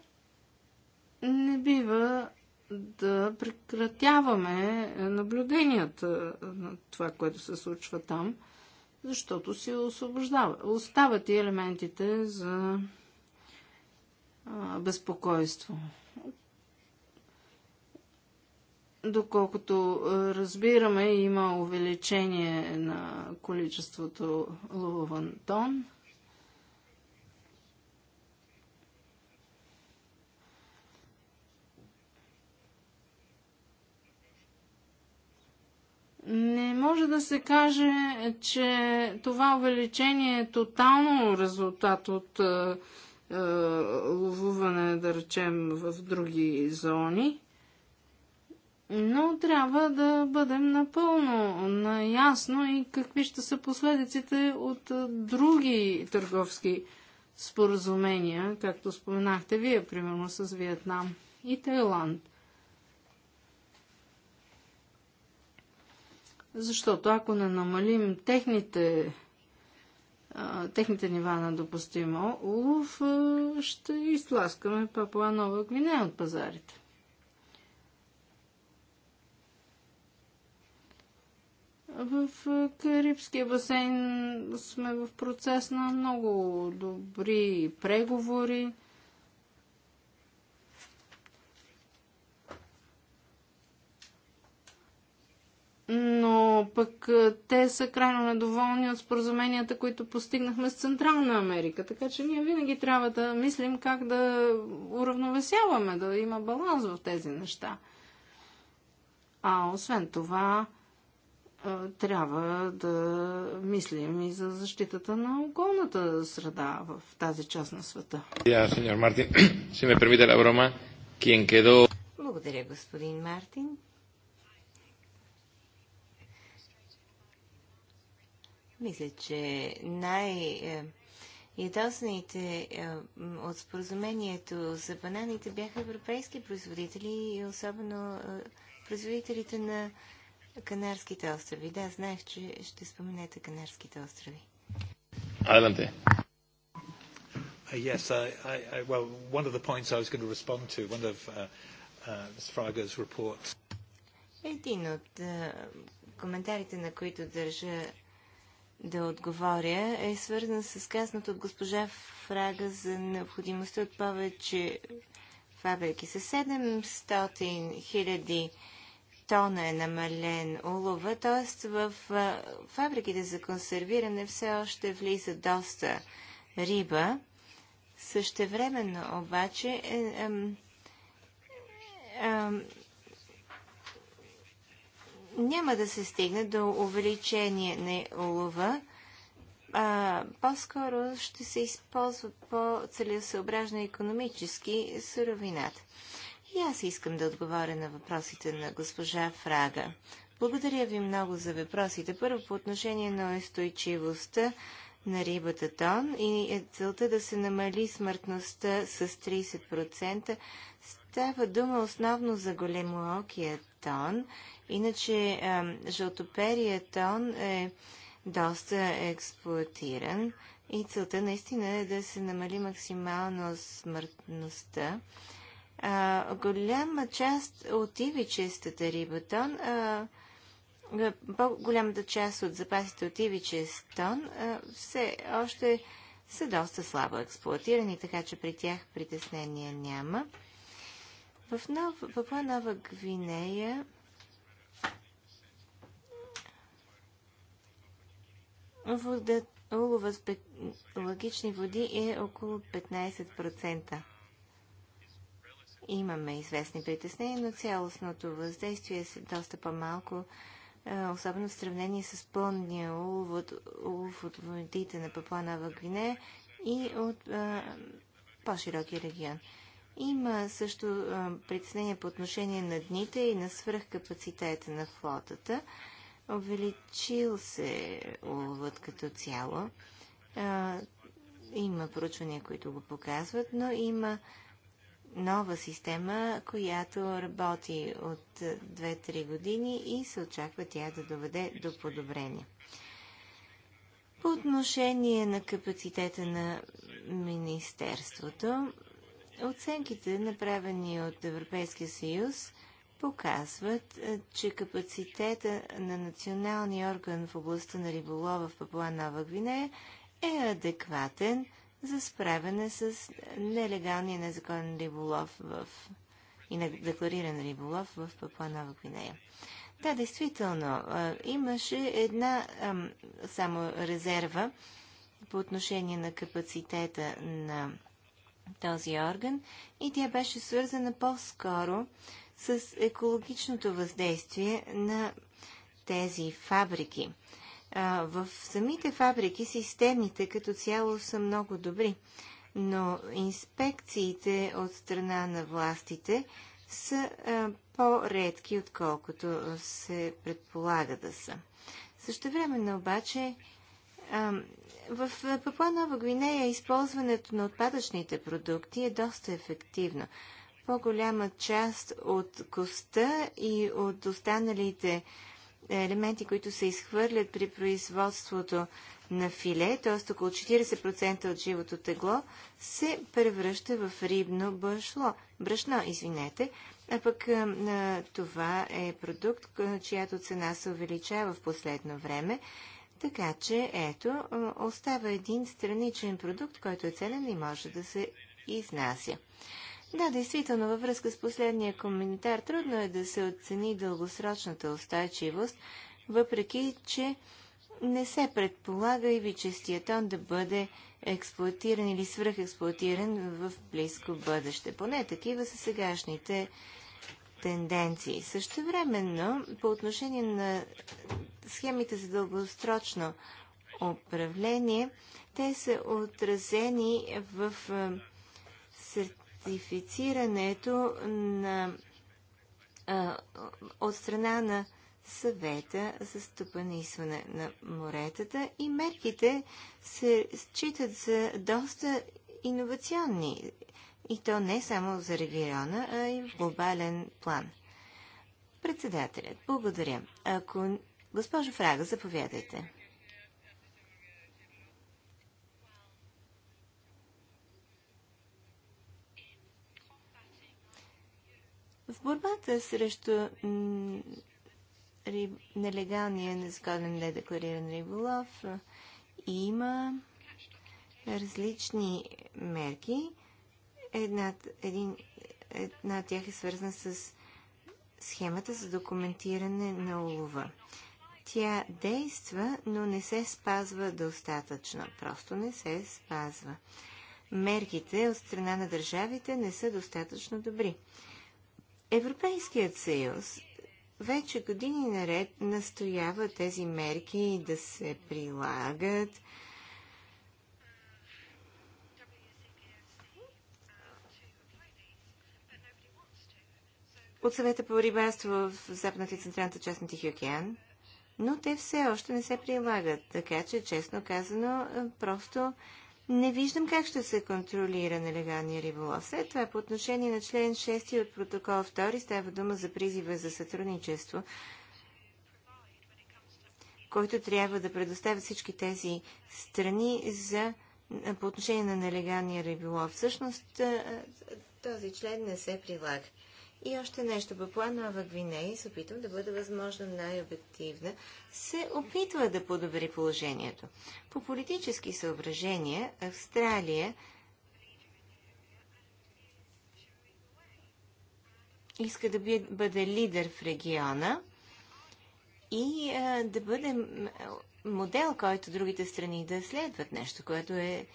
не бива да прекратяваме наблюденията на това, което се случва там, защото си освобождава. Остават и елементите за а, безпокойство. Доколкото разбираме, има увеличение на количеството ловуван тон. Не може да се каже, че това увеличение е тотално резултат от е, ловуване, да речем, в други зони. Но трябва да бъдем напълно наясно и какви ще са последиците от е, други търговски споразумения, както споменахте вие, примерно с Виетнам и Тайланд. Защото ако не намалим техните техните нива на допустимо улов, ще изтласкаме Папуа Нова Гвинея от пазарите. В Карибския басейн сме в процес на много добри преговори. но пък те са крайно недоволни от споразуменията, които постигнахме с Централна Америка. Така че ние винаги трябва да мислим как да уравновесяваме, да има баланс в тези неща. А освен това, трябва да мислим и за защитата на околната среда в тази част на света. [coughs] Благодаря, господин Мартин. Мисля, че най-ядосните е, е, от споразумението за бананите бяха европейски производители и особено е, производителите на Канарските острови. Да, знаех, че ще споменете Канарските острови. Айланде. Uh, yes, I, I, I, well, one of the points I was going to respond to, one of uh, uh, Ms. Fraga's report. Един от uh, коментарите, на които държа да отговоря, е свързан с казаното от госпожа Фрага за необходимостта от повече фабрики. С 700 хиляди тона е намален улова, т.е. в фабриките за консервиране все още влиза доста риба. Същевременно обаче е, е, е, няма да се стигне до увеличение на улова. по-скоро ще се използва по целесообразно економически суровината. И аз искам да отговоря на въпросите на госпожа Фрага. Благодаря ви много за въпросите. Първо по отношение на устойчивостта на рибата тон и е целта да се намали смъртността с 30%. Става дума основно за големоокия тон Иначе жълтоперия тон е доста експлуатиран и целта наистина е да се намали максимално смъртността. А, голяма част от ивичестата риба а, по-голямата част от запасите от ивичест тон а, все още са доста слабо експлуатирани, така че при тях притеснения няма. В, нов, в Нова Гвинея Вода улова с води е около 15%. Имаме известни притеснения, но цялостното въздействие е доста по-малко, е, особено в сравнение с пълния улов от, улов от водите на Папуа Нова Гвинея и от е, по-широкия регион. Има също а, е, притеснения по отношение на дните и на свръхкапацитета на флотата. Увеличил се уловът като цяло. има проучвания, които го показват, но има нова система, която работи от 2-3 години и се очаква тя да доведе до подобрение. По отношение на капацитета на Министерството, оценките, направени от Европейския съюз, показват, е, че капацитета на националния орган в областта на риболова в Папуа Нова Гвинея е адекватен за справяне с нелегалния незаконен риболов в и на деклариран риболов в Папуа Нова Гвинея. Да, действително, е, имаше една само резерва по отношение на капацитета на този орган и тя беше свързана по-скоро с екологичното въздействие на тези фабрики. в самите фабрики системите като цяло са много добри, но инспекциите от страна на властите са по-редки, отколкото се предполага да са. Също време, обаче в Папуа Нова Гвинея използването на отпадъчните продукти е доста ефективно по-голяма част от коста и от останалите елементи, които се изхвърлят при производството на филе, т.е. около 40% от живото тегло, се превръща в рибно брашно, брашно извинете, а пък а, това е продукт, чиято цена се увеличава в последно време. Така че, ето, остава един страничен продукт, който е ценен и може да се изнася. Да, действително, във връзка с последния коментар, трудно е да се оцени дългосрочната устойчивост, въпреки че не се предполага и вичестият да бъде експлуатиран или свръхексплуатиран в близко бъдеще. Поне такива са сегашните тенденции. Също времено, по отношение на схемите за дългосрочно управление, те са отразени в сертификата ратифицирането на, а, от страна на съвета за стопанисване на моретата и мерките се считат за доста иновационни. И то не само за региона, а и в глобален план. Председателят, благодаря. Ако... Госпожо Фрага, заповядайте. В борбата срещу риб... нелегалния, незаконен, недеклариран риболов има различни мерки. Една, един, една от тях е свързана с схемата за документиране на улова. Тя действа, но не се спазва достатъчно. Просто не се спазва. Мерките от страна на държавите не са достатъчно добри. Европейският съюз вече години наред настоява тези мерки да се прилагат. От съвета по рибарство в западната и централната част на Тихи океан, но те все още не се прилагат. Така че, честно казано, просто не виждам как ще се контролира нелегалния риболов. След това по отношение на член 6 от протокол 2 става дума за призива за сътрудничество, който трябва да предоставя всички тези страни за, по отношение на нелегалния риболов. Всъщност този член не се прилага. И още нещо, Папуа Нова Гвинея, се опитвам да бъда възможно най-обективна, се опитва да подобри положението. По политически съображения Австралия иска да бъде лидер в региона и да бъде модел, който другите страни да следват нещо, което е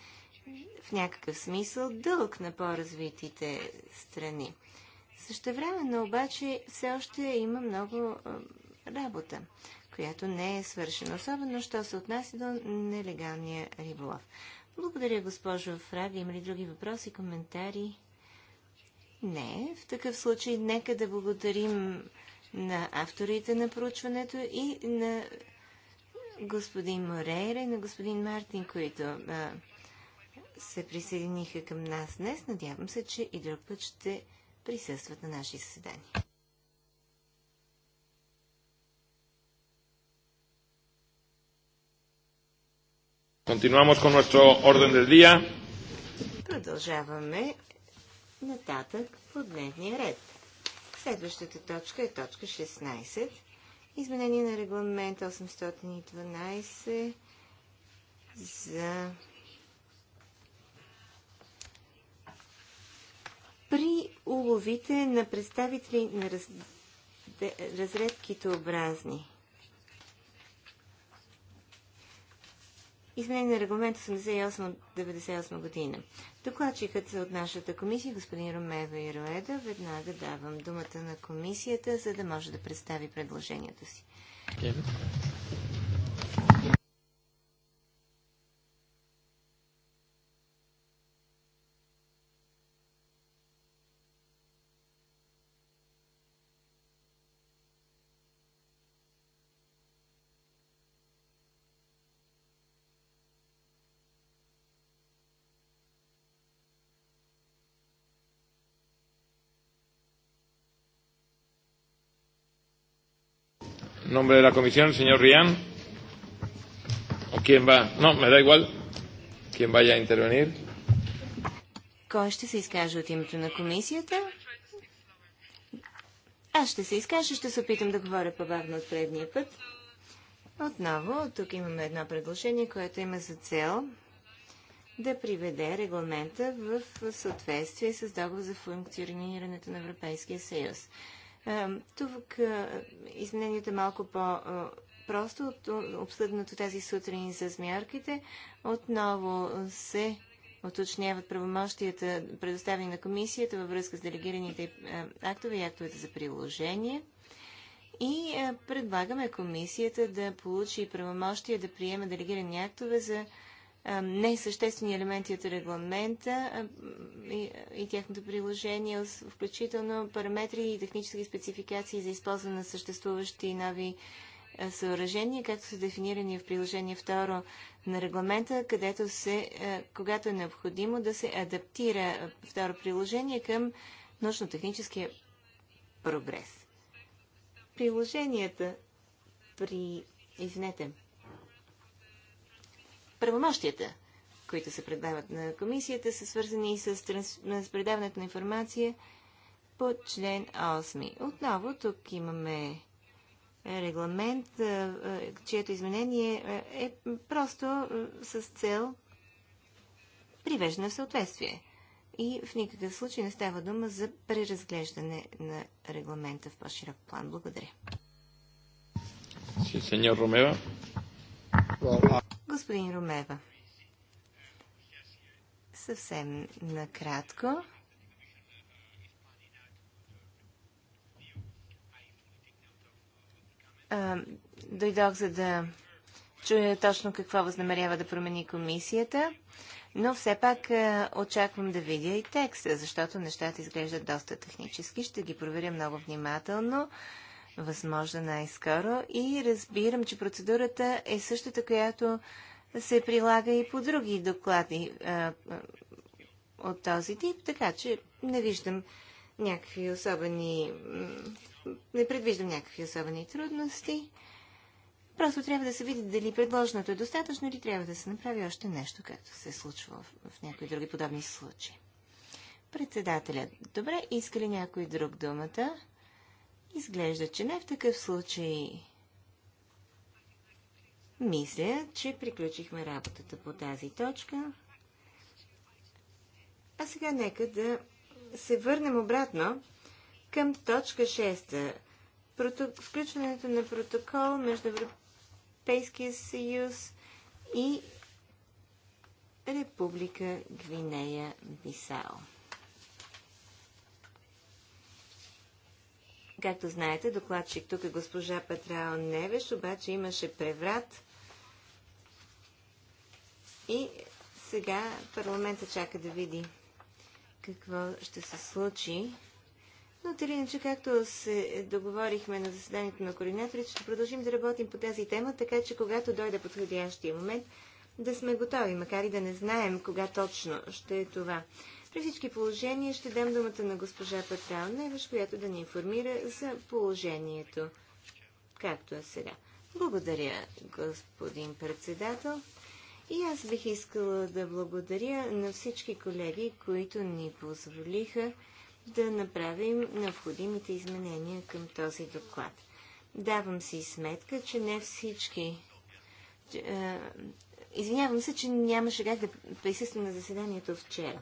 в някакъв смисъл дълг на по-развитите страни време но обаче все още има много работа, която не е свършена, особено що се отнася до нелегалния риболов. Благодаря, госпожо Фрага. Има ли други въпроси, коментари? Не. В такъв случай нека да благодарим на авторите на проучването и на господин Морейра и на господин Мартин, които а, се присъединиха към нас днес. Надявам се, че и друг път ще присъстват на наши заседания. Continuamos con nuestro orden del día. Продължаваме нататък по дневния ред. Следващата точка е точка 16. Изменение на регламент 812 за при уловите на представители на раз... разред китообразни. Изменение на регламент 88-98 година. Докладчикът от нашата комисия, господин Ромева Ироеда, веднага давам думата на комисията, за да може да представи предложението си. Okay. En nombre de la comisión, señor Rian. ¿O quién va? No, me da igual. ¿Quién vaya a intervenir? Кой ще се изкаже от името на комисията? Аз ще се изкажа, ще се опитам да говоря по-бавно от предния път. Отново, тук имаме едно предложение, което има за цел да приведе регламента в съответствие с договор за функционирането на Европейския съюз. Тук изменението е малко по-просто от обсъдното тази сутрин за змярките. Отново се уточняват правомощията, предоставени на комисията във връзка с делегираните актове и актовете за приложение. И предлагаме комисията да получи правомощия да приема делегирани актове за несъществени елементи от регламента и, тяхното приложение, включително параметри и технически спецификации за използване на съществуващи нови съоръжения, както са дефинирани в приложение 2 на регламента, където се, когато е необходимо да се адаптира второ приложение към научно-техническия прогрес. Приложенията при... Извинете, правомощията, които се предават на комисията, са свързани и с, транс... с предаването на информация по член 8. Отново тук имаме регламент, чието изменение е просто с цел привеждане в съответствие. И в никакъв случай не става дума за преразглеждане на регламента в по-широк план. Благодаря. Си, Well, uh... Господин Ромева. Съвсем накратко. А, дойдох за да чуя точно какво възнамерява да промени комисията, но все пак очаквам да видя и текста, защото нещата изглеждат доста технически. Ще ги проверя много внимателно. А, възможно най-скоро. И разбирам, че процедурата е същата, която се прилага и по други доклади а, от този тип, така че не виждам някакви особени. Не предвиждам някакви особени трудности. Просто трябва да се види дали предложеното е достатъчно или трябва да се направи още нещо, както се е случва в, в някои други подобни случаи. Председателят. Добре, иска ли някой друг думата? Изглежда, че не в такъв случай. Мисля, че приключихме работата по тази точка. А сега нека да се върнем обратно към точка 6. Включването на протокол между Европейския съюз и Република Гвинея Бисао. Както знаете, докладчик тук е госпожа Петрао Невеш, обаче имаше преврат и сега парламента чака да види какво ще се случи. Но тъй иначе, както се договорихме на заседанието на координаторите, ще продължим да работим по тази тема, така че когато дойде подходящия момент, да сме готови, макар и да не знаем кога точно ще е това. При всички положения ще дам думата на госпожа Петрал Неваш, която да ни информира за положението, както е сега. Благодаря, господин председател. И аз бих искала да благодаря на всички колеги, които ни позволиха да направим необходимите изменения към този доклад. Давам си сметка, че не всички. Извинявам се, че нямаше как да присъствам на заседанието вчера.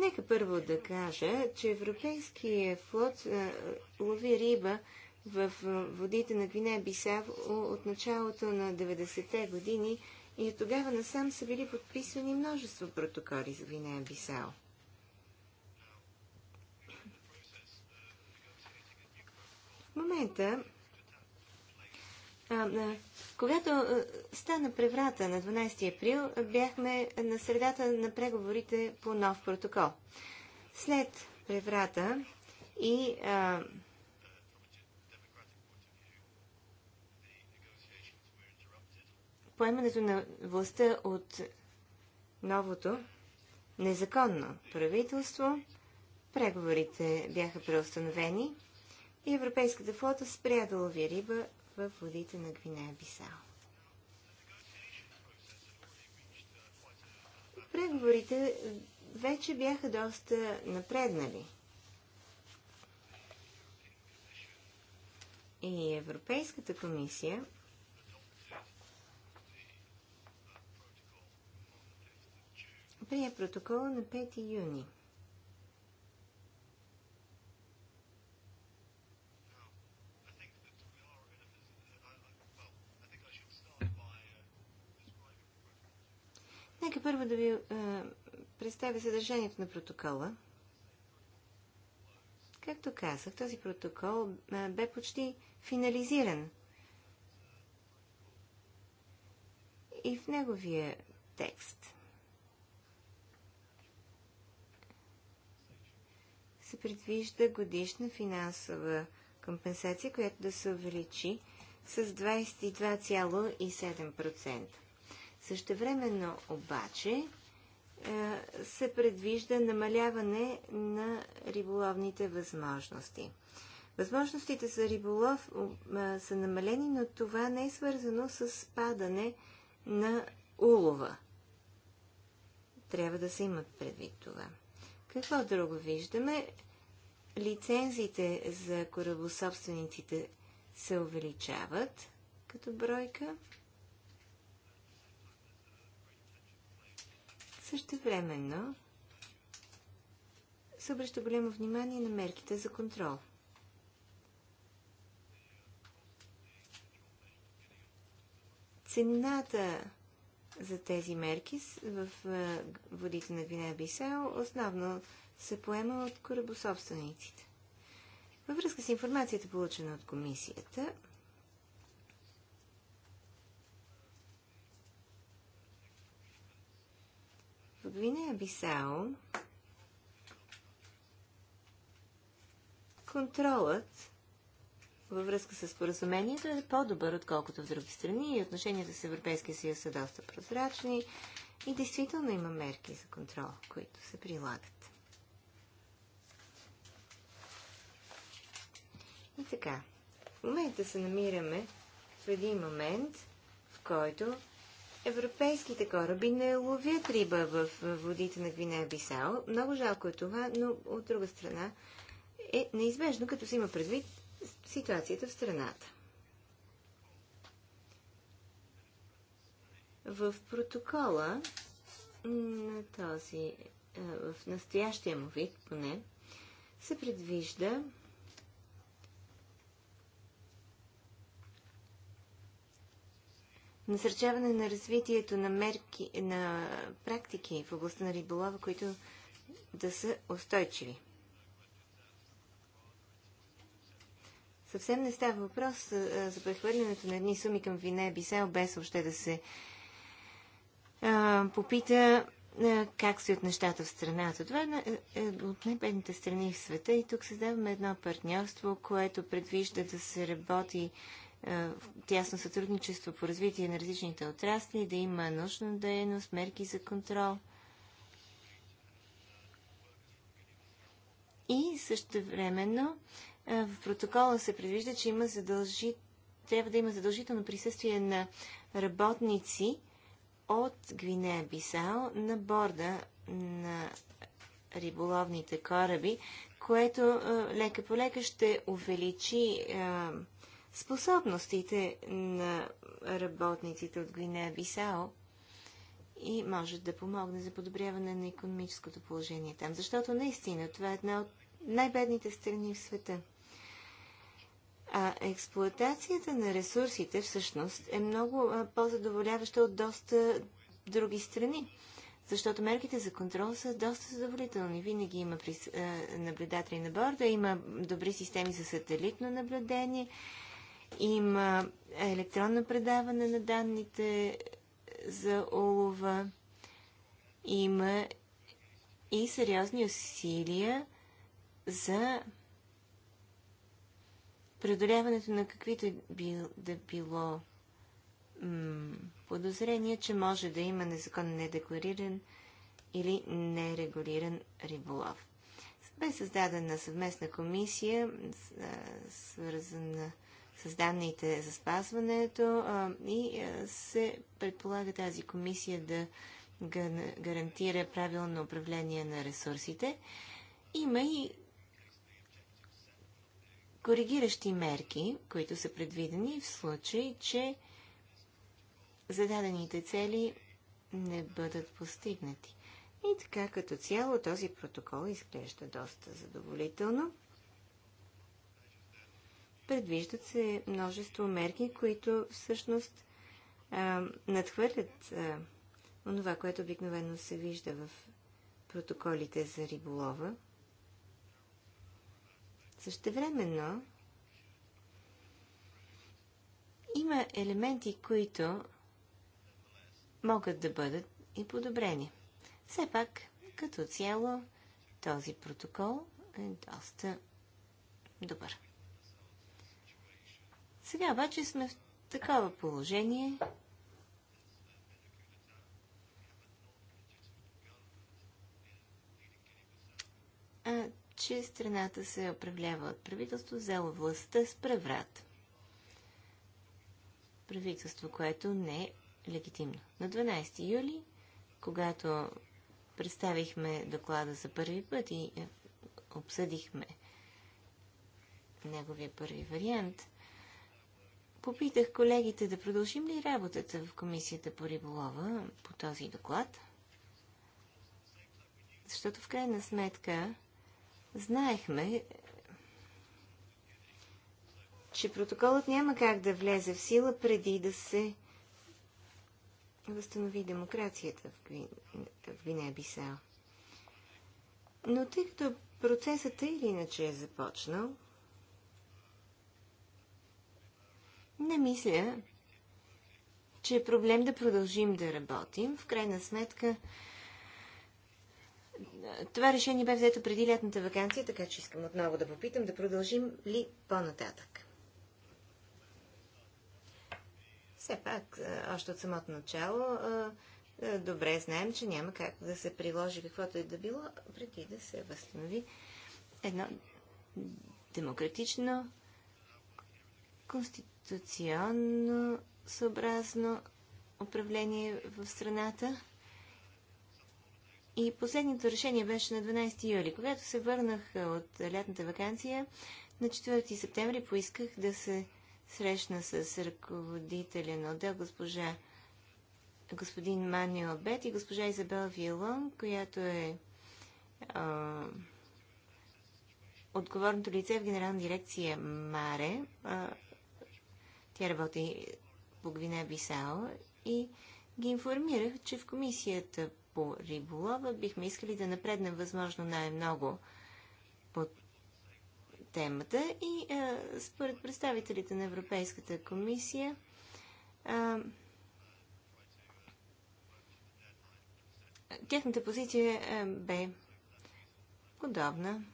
Нека първо да кажа, че европейския флот лови риба в водите на Гвинея Бисав от началото на 90-те години и от тогава насам са били подписвани множество протоколи за Гвинея Бисао. В момента когато стана преврата на 12 април, бяхме на средата на преговорите по нов протокол. След преврата и а, поемането на властта от новото незаконно правителство, преговорите бяха преустановени и Европейската флота спря да лови риба в водите на Гвинея Бисао. Преговорите вече бяха доста напреднали. И Европейската комисия прие протокола на 5 юни. Нека първо да ви е, представя съдържанието на протокола. Както казах, този протокол е, бе почти финализиран. И в неговия текст се предвижда годишна финансова компенсация, която да се увеличи с 22,7%. Същевременно обаче е, се предвижда намаляване на риболовните възможности. Възможностите за риболов е, са намалени, но това не е свързано с падане на улова. Трябва да се имат предвид това. Какво друго виждаме? Лицензите за корабособствениците се увеличават като бройка. Също времено се обръща голямо внимание на мерките за контрол. Цената за тези мерки в водите на Гвинея Бисел основно се поема от корабособствениците. Във връзка с информацията, получена от комисията, Гвинея Бисао контролът във връзка с споразумението е по-добър, отколкото в други страни и отношенията с Европейския съюз са доста прозрачни и действително има мерки за контрол, които се прилагат. И така, в момента се намираме в един момент, в който Европейските кораби не ловят риба в водите на Гвинея Бисао. Много жалко е това, но от друга страна е неизбежно, като се има предвид ситуацията в страната. В протокола на този, в настоящия му вид поне, се предвижда насърчаване на развитието на мерки, на практики в областта на риболова, които да са устойчиви. Съвсем не става въпрос за прехвърлянето на едни суми към Вине Бисел, без въобще да се а, попита а, как стоят нещата в страната. Това е, е, е от най-бедните страни в света и тук създаваме едно партньорство, което предвижда да се работи е, тясно сътрудничество по развитие на различните отрасли, да има научна дейност, мерки за контрол и също времено е, в протокола се предвижда, че има задължи... трябва да има задължително присъствие на работници от Гвинея Бисао на борда на риболовните кораби, което е, лека по лека ще увеличи а, способностите на работниците от Гвинея Бисао и може да помогне за подобряване на економическото положение там. Защото наистина това е една от най-бедните страни в света. А експлуатацията на ресурсите всъщност е много по-задоволяваща от доста други страни. Защото мерките за контрол са доста задоволителни. Винаги има наблюдатели на борда, има добри системи за сателитно наблюдение, има електронно предаване на данните за улова. Има и сериозни усилия за преодоляването на каквито би, да било подозрение, че може да има незаконно недеклариран или нерегулиран риболов. Бе създадена съвместна комисия, свързана с данните за спазването и се предполага тази комисия да гарантира правилно управление на ресурсите. Има и коригиращи мерки, които са предвидени в случай, че зададените цели не бъдат постигнати. И така като цяло този протокол изглежда доста задоволително. Предвиждат се множество мерки, които всъщност а, надхвърлят а, това, което обикновено се вижда в протоколите за риболова. Същевременно има елементи, които могат да бъдат и подобрени. Все пак, като цяло, този протокол е доста добър. Сега обаче сме в такова положение, а, че страната се управлява от правителство, взело властта с преврат. Правителство, което не е легитимно. На 12 юли, когато представихме доклада за първи път и е, обсъдихме неговия първи вариант, Попитах колегите да продължим ли работата в Комисията по риболова по този доклад, защото в крайна сметка знаехме, че протоколът няма как да влезе в сила преди да се възстанови демокрацията в, Гвин... в Гвинея-Бисао. Но тъй като процесът е или иначе е започнал, Не мисля, че е проблем да продължим да работим. В крайна сметка, това решение бе взето преди лятната вакансия, така че искам отново да попитам да продължим ли по-нататък. Все пак, още от самото начало, добре знаем, че няма как да се приложи каквото и е да било, преди да се възстанови едно демократично конститу конституционно съобразно управление в страната. И последното решение беше на 12 юли. Когато се върнах от лятната вакансия, на 4 септември поисках да се срещна с ръководителя на отдел госпожа господин Манио Бет и госпожа Изабел Вилон, която е а, отговорното лице в генерална дирекция Маре, а, тя работи по Гвина Бисао и ги информирах, че в комисията по риболова бихме искали да напреднем възможно най-много по темата и а, според представителите на Европейската комисия а, тяхната позиция а, бе подобна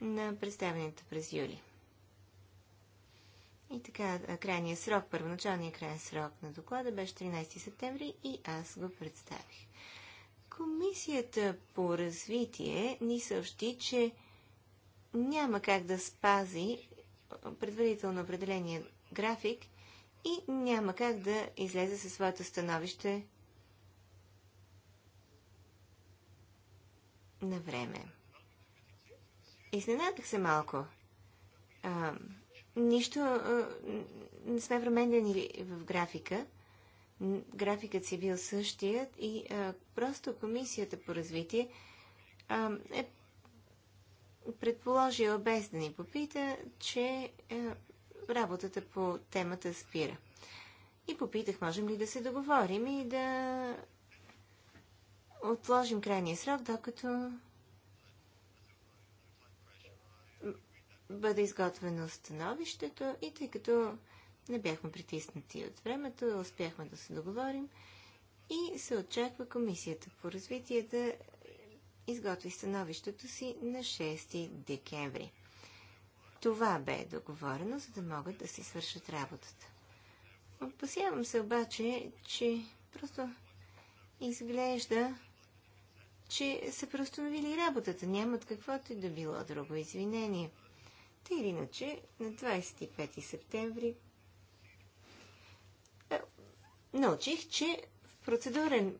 на представената през юли. И така, крайният срок, първоначалният крайен срок на доклада беше 13 септември и аз го представих. Комисията по развитие ни съобщи, че няма как да спази предварително определения график и няма как да излезе със своето становище на време. Изненадах се малко. А, нищо не сме временени в графика. Графикът си е бил същият и а, просто комисията по развитие а, е предположила, без да ни попита, че а, работата по темата спира. И попитах, можем ли да се договорим и да отложим крайния срок, докато бъде изготвено становището и тъй като не бяхме притиснати от времето, успяхме да се договорим и се очаква Комисията по развитие да изготви становището си на 6 декември. Това бе договорено, за да могат да си свършат работата. Опасявам се обаче, че просто изглежда, че са преустановили работата. Нямат каквото и да било друго извинение – Та или иначе, на 25 септември е, научих, че в процедурен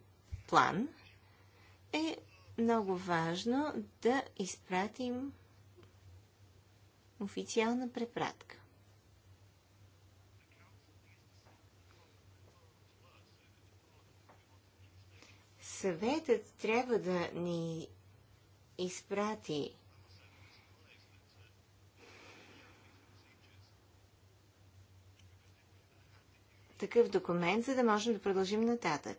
план е много важно да изпратим официална препратка. Съветът трябва да ни изпрати такъв документ, за да можем да продължим нататък.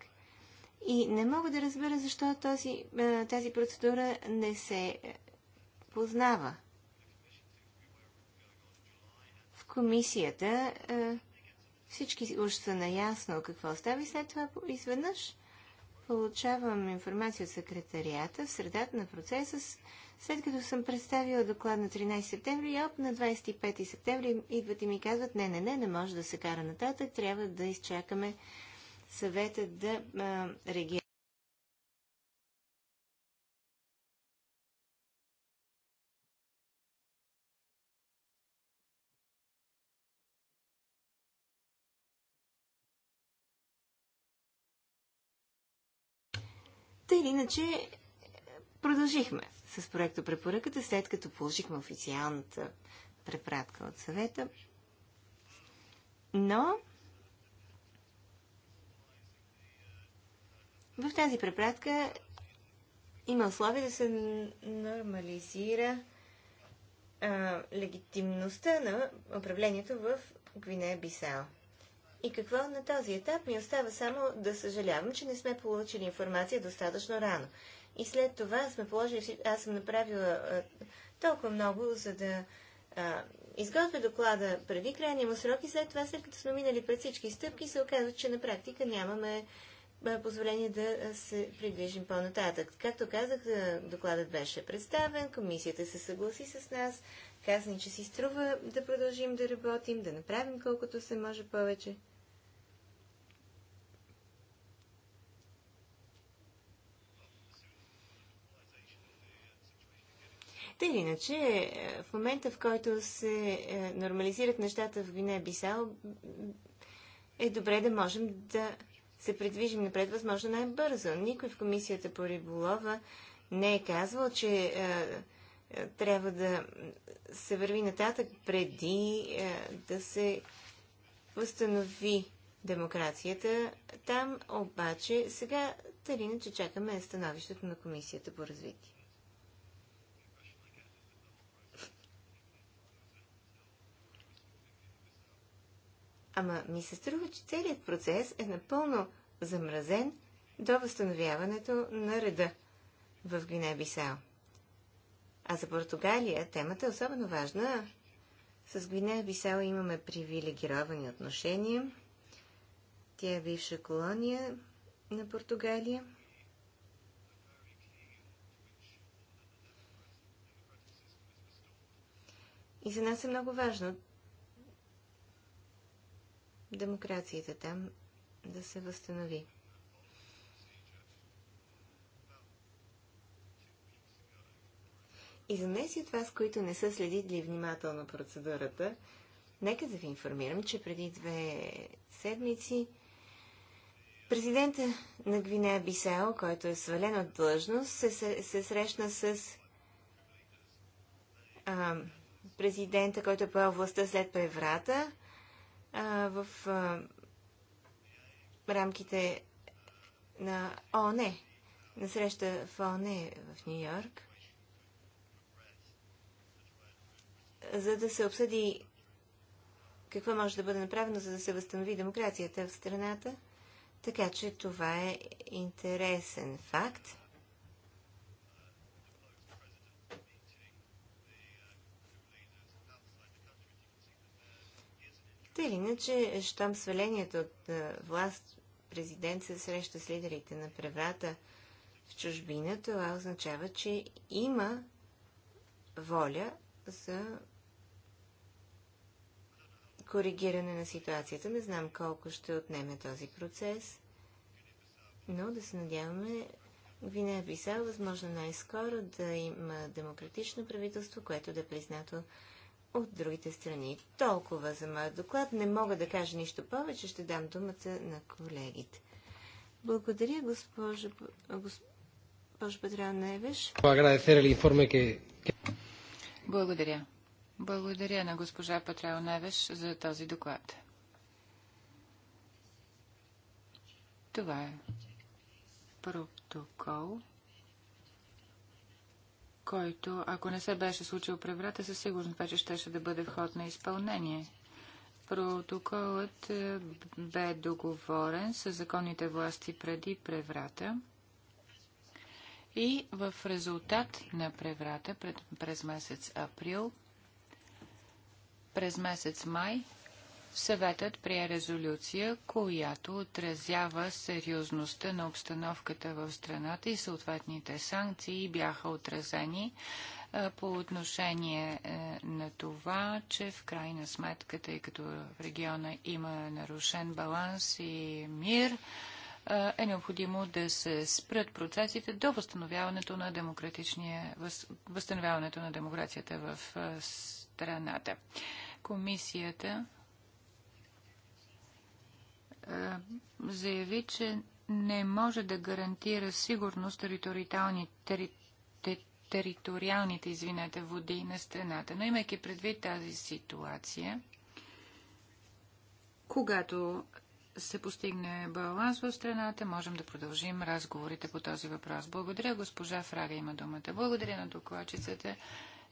И не мога да разбера защо този, е, тази процедура не се е, познава. В комисията е, всички уж са наясно какво става и след това изведнъж получавам информация от секретарията в средата на процеса с след като съм представила доклад на 13 септември, оп, на 25 септември идват и ми казват, не, не, не, не може да се кара нататък, трябва да изчакаме съвета да а, реагира. Та или иначе, продължихме с проекта препоръката, след като получихме официалната препратка от съвета. Но в тази препратка има условия да се нормализира а, легитимността на управлението в Гвинея-Бисао. И какво на този етап ми остава само да съжалявам, че не сме получили информация достатъчно рано. И след това сме положили, аз съм направила а, толкова много, за да а, изготвя доклада преди крайния му срок и след това, след като сме минали пред всички стъпки, се оказва, че на практика нямаме позволение да се придвижим по-нататък. Както казах, докладът беше представен, комисията се съгласи с нас, каза, че си струва да продължим да работим, да направим колкото се може повече. Те или иначе, е, в момента в който се е, нормализират нещата в Гвинея Бисао, е добре да можем да се предвижим напред възможно най-бързо. Никой в комисията по риболова не е казвал, че е, трябва да се върви нататък преди е, да се възстанови демокрацията. Там обаче сега, тъй иначе чакаме становището на Комисията по развитие. Ама ми се струва, че целият процес е напълно замразен до възстановяването на реда в Гвинея-Бисао. А за Португалия темата е особено важна. С Гвинея-Бисао имаме привилегировани отношения. Тя е бивша колония на Португалия. И за нас е много важно демокрацията там да се възстанови. И за днес и от вас, които не са следили внимателно процедурата, нека да ви информирам, че преди две седмици президента на Гвинея Бисао, който е свален от длъжност, се, се, се срещна с а, президента, който е поел властта след преврата, в рамките на ОНЕ, на среща в ОНЕ в Нью Йорк, за да се обсъди какво може да бъде направено, за да се възстанови демокрацията в страната. Така че това е интересен факт. Те или иначе, щом свалението от е, власт президент се среща с лидерите на преврата в чужбина, това означава, че има воля за коригиране на ситуацията. Не знам колко ще отнеме този процес, но да се надяваме Гвинея Бисал, възможно най-скоро да има демократично правителство, което да е признато от другите страни. Толкова за моят доклад. Не мога да кажа нищо повече. Ще дам думата на колегите. Благодаря, госпожа, госпожо Петра Невеш. Благодаря. Благодаря на госпожа Патрал Невеш за този доклад. Това е протокол който, ако не се беше случил преврата, със сигурност вече щеше да бъде вход на изпълнение. Протоколът е, бе договорен с законните власти преди преврата и в резултат на преврата през месец април, през месец май съветът прие резолюция, която отразява сериозността на обстановката в страната и съответните санкции бяха отразени по отношение е, на това, че в крайна сметка, тъй като в региона има нарушен баланс и мир, е, е необходимо да се спрат процесите до възстановяването на демократичния, възстановяването на демокрацията в е, страната. Комисията заяви, че не може да гарантира сигурност териториални, тери, териториалните извинете, води на страната. Но имайки предвид тази ситуация, когато се постигне баланс в страната, можем да продължим разговорите по този въпрос. Благодаря, госпожа Фрага има думата. Благодаря на докладчицата.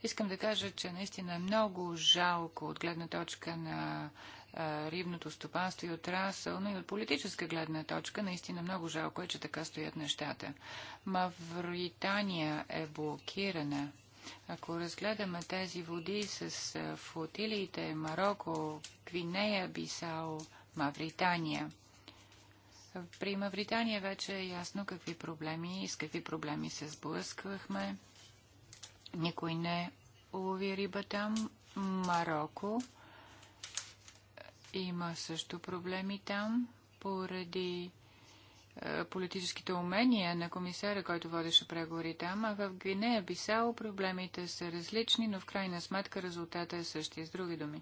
Искам да кажа, че наистина е много жалко от гледна точка на рибното стопанство и отрасъл, но и от политическа гледна точка наистина много жалко е, че така стоят нещата. Мавритания е блокирана. Ако разгледаме тези води с флотилиите Марокко, Гвинея, Бисао, Мавритания, при Мавритания вече е ясно какви проблеми и с какви проблеми се сблъсквахме. Никой не лови риба там. Марокко има също проблеми там поради е, политическите умения на комисара, който водеше преговори там, а в Гвинея Бисао проблемите са различни, но в крайна сметка резултата е същия. С други думи,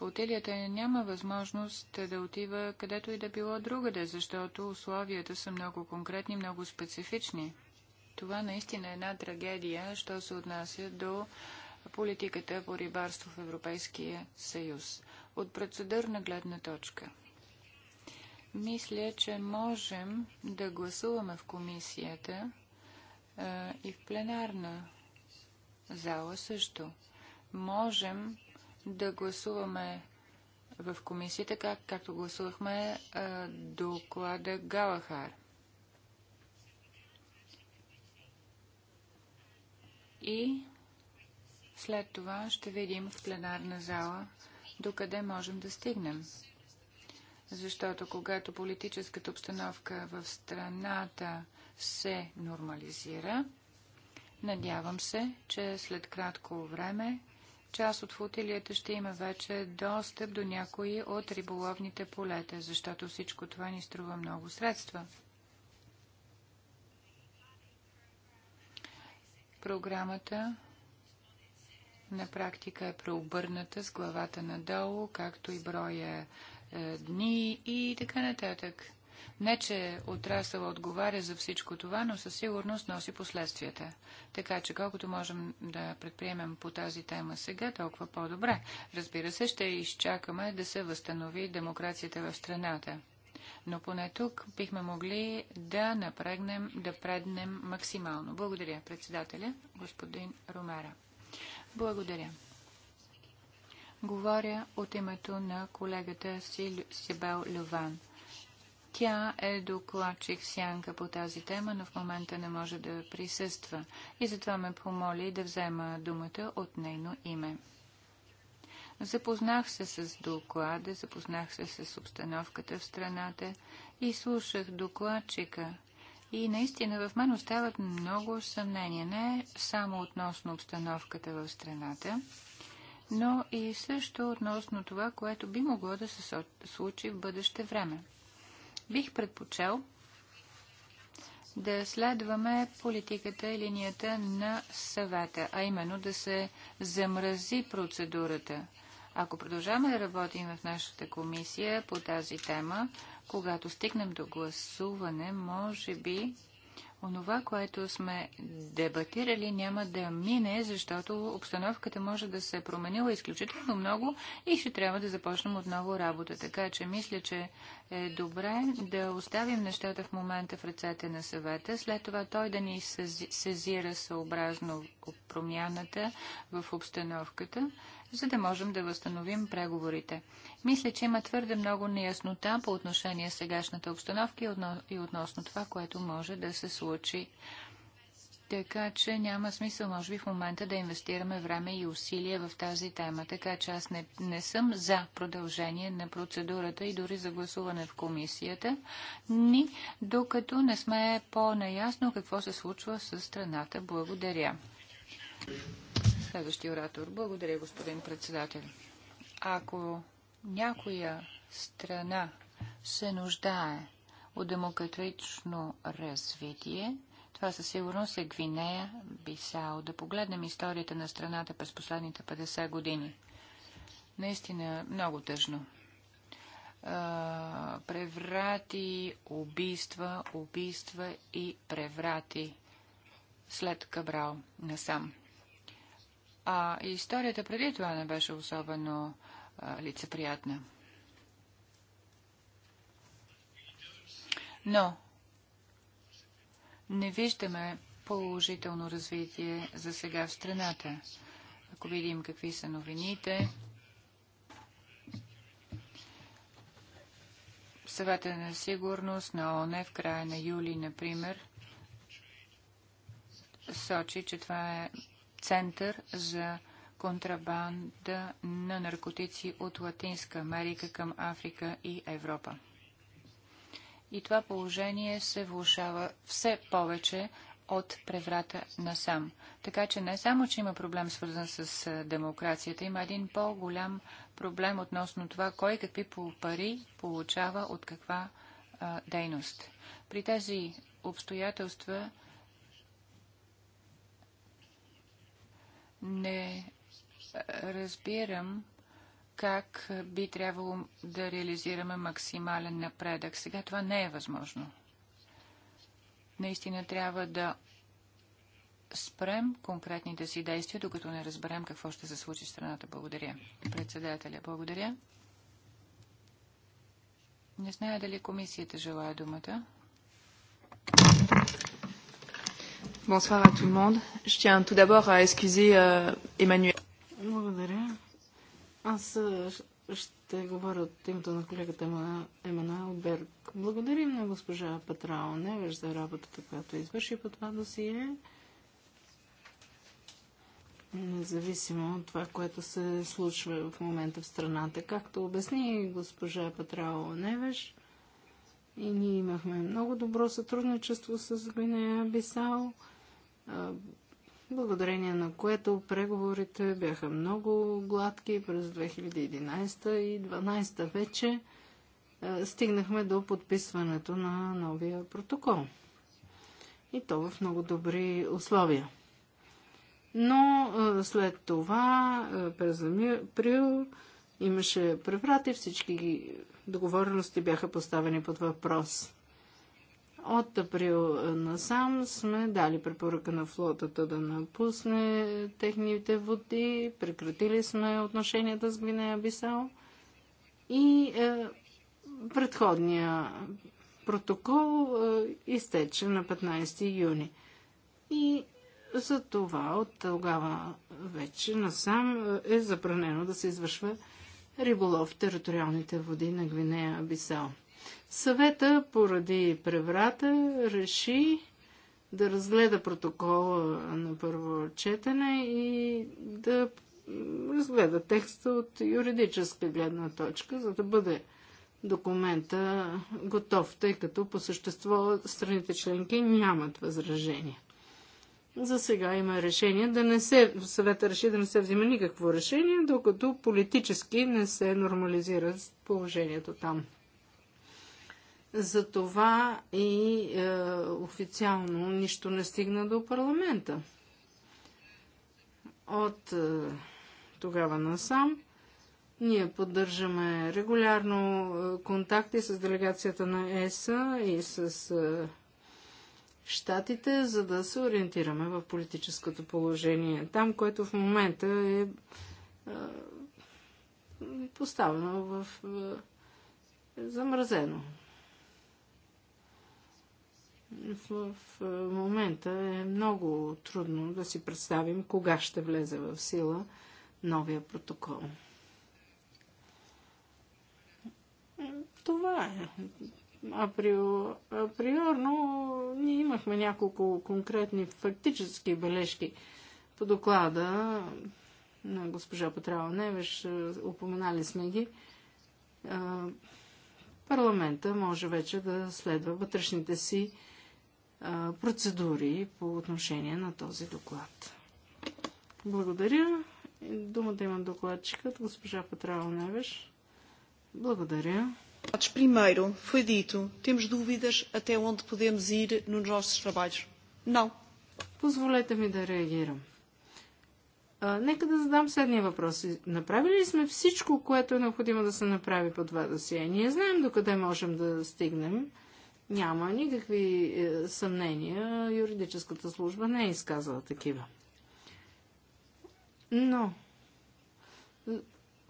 отелията няма възможност да отива където и да било другаде, защото условията са много конкретни, много специфични. Това наистина е една трагедия, що се отнася до политиката по рибарство в Европейския съюз. От процедурна гледна точка. Мисля, че можем да гласуваме в комисията а, и в пленарна зала също. Можем да гласуваме в комисията, как, както гласувахме а, доклада Галахар. И след това ще видим в пленарна зала докъде можем да стигнем. Защото когато политическата обстановка в страната се нормализира, надявам се, че след кратко време част от флотилията ще има вече достъп до някои от риболовните полета, защото всичко това ни струва много средства. Програмата на практика е преобърната с главата надолу, както и броя е, дни и така нататък. Не, че отрасъла отговаря за всичко това, но със сигурност носи последствията. Така че колкото можем да предприемем по тази тема сега, толкова по-добре. Разбира се, ще изчакаме да се възстанови демокрацията в страната. Но поне тук бихме могли да напрегнем, да преднем максимално. Благодаря, председателя, господин Ромера. Благодаря. Говоря от името на колегата си Сибел Люван. Тя е докладчик сянка по тази тема, но в момента не може да присъства и затова ме помоли да взема думата от нейно име. Запознах се с доклада, запознах се с обстановката в страната и слушах докладчика, и наистина в мен остават много съмнения, не само относно обстановката в страната, но и също относно това, което би могло да се случи в бъдеще време. Бих предпочел да следваме политиката и линията на съвета, а именно да се замрази процедурата ако продължаваме да работим в нашата комисия по тази тема, когато стигнем до гласуване, може би онова, което сме дебатирали, няма да мине, защото обстановката може да се е променила изключително много и ще трябва да започнем отново работа. Така че мисля, че е добре да оставим нещата в момента в ръцете на съвета, след това той да ни сезира съобразно промяната в обстановката за да можем да възстановим преговорите. Мисля, че има твърде много неяснота по отношение сегашната обстановка и относно това, което може да се случи. Така че няма смисъл, може би, в момента да инвестираме време и усилия в тази тема. Така че аз не, не съм за продължение на процедурата и дори за гласуване в комисията, ни докато не сме по-наясно какво се случва с страната. Благодаря. Следващия оратор. Благодаря, господин председател. Ако някоя страна се нуждае от демократично развитие, това със сигурност е Гвинея Бисао. Да погледнем историята на страната през последните 50 години. Наистина много тъжно. преврати, убийства, убийства и преврати след Кабрал насам. А историята преди това не беше особено а, лицеприятна. Но не виждаме положително развитие за сега в страната. Ако видим какви са новините, съвета на сигурност на ООН в края на юли, например, сочи, че това е център за контрабанда на наркотици от Латинска Америка към Африка и Европа. И това положение се влушава все повече от преврата насам. Така че не само, че има проблем свързан с демокрацията, има един по-голям проблем относно това кой какви пари получава от каква а, дейност. При тези обстоятелства не е, разбирам как би трябвало да реализираме максимален напредък. Сега това не е възможно. Наистина трябва да спрем конкретните си действия, докато не разберем какво ще се случи в страната. Благодаря. Председателя, благодаря. Не зная дали комисията желая думата. Bonsoir à tout le monde. Je tiens tout d'abord à excuser euh, Emmanuel. Благодаря. Аз ще говоря от името на колегата Емануел Берг. Благодарим на госпожа Петрао Невеж за работата, която извърши по това досие. Независимо от това, което се случва в момента в страната. Както обясни госпожа Петрао Невеж, и ние имахме много добро сътрудничество с Гвинея Бисао благодарение на което преговорите бяха много гладки през 2011 и 2012 вече стигнахме до подписването на новия протокол. И то в много добри условия. Но след това, през април, имаше преврат и всички договорености бяха поставени под въпрос. От април насам сме дали препоръка на флотата да напусне техните води, прекратили сме отношенията с Гвинея Бисао и е, предходния протокол е, изтече на 15 юни. И за това от тогава вече насам е, е забранено да се извършва риболов в териториалните води на Гвинея Бисао. Съвета поради преврата реши да разгледа протокола на първо четене и да разгледа текста от юридическа гледна точка, за да бъде документа готов, тъй като по същество страните членки нямат възражения. За сега има решение да не се, съвета реши да не се взима никакво решение, докато политически не се нормализира положението там. За това и е, официално нищо не стигна до парламента. От е, тогава насам ние поддържаме регулярно е, контакти с делегацията на ЕСА и с е, щатите, за да се ориентираме в политическото положение. Там, което в момента е, е поставено в. Е, замразено в е, момента е много трудно да си представим кога ще влезе в сила новия протокол. Това е. априорно ние имахме няколко конкретни фактически бележки по доклада на госпожа Петрала Невеш. Е, упоменали сме ги. Е, парламента може вече да следва вътрешните си процедури по отношение на този доклад. Благодаря. Думата има докладчикът, госпожа Петрава Невеш. Благодаря. Primeiro, foi dito, temos dúvidas até onde podemos ir nos nossos trabalhos. Não. Позволете ми да реагирам. А, нека да задам следния въпрос. Направили ли сме всичко, което е необходимо да се направи по това досие? Ние знаем докъде можем да стигнем. Няма никакви е, съмнения. Юридическата служба не е изказала такива. Но,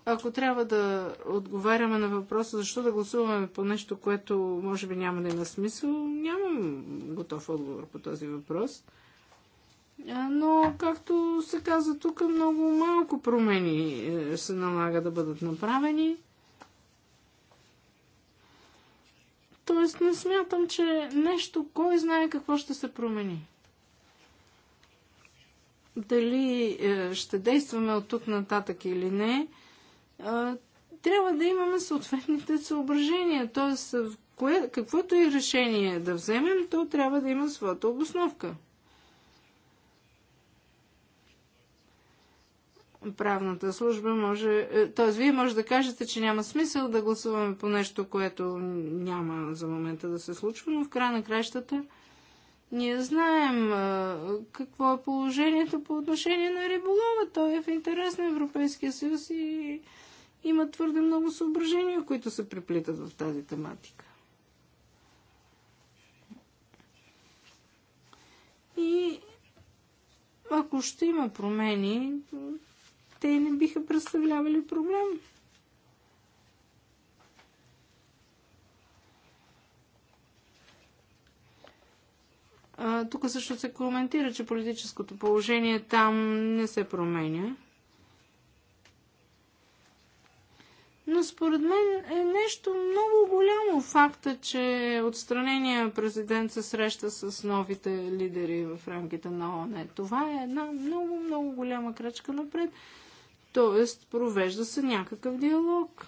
ако трябва да отговаряме на въпроса защо да гласуваме по нещо, което може би няма да има смисъл, нямам готов отговор по този въпрос. Но, както се каза тук, много малко промени е, се налага да бъдат направени. Тоест не смятам, че нещо, кой знае какво ще се промени. Дали е, ще действаме от тук нататък или не, е, трябва да имаме съответните съображения. Тоест, кое, каквото и решение да вземем, то трябва да има своята обосновка. правната служба може... Т.е. вие може да кажете, че няма смисъл да гласуваме по нещо, което няма за момента да се случва, но в края на кращата ние знаем е, какво е положението по отношение на риболова. Той е в интерес на Европейския съюз и има твърде много съображения, които се приплитат в тази тематика. И ако ще има промени, те не биха представлявали проблем. Тук също се коментира, че политическото положение там не се променя. Но според мен е нещо много голямо факта, че отстранения президент се среща с новите лидери в рамките на ООН. Това е една много, много голяма крачка напред. Тоест, провежда се някакъв диалог.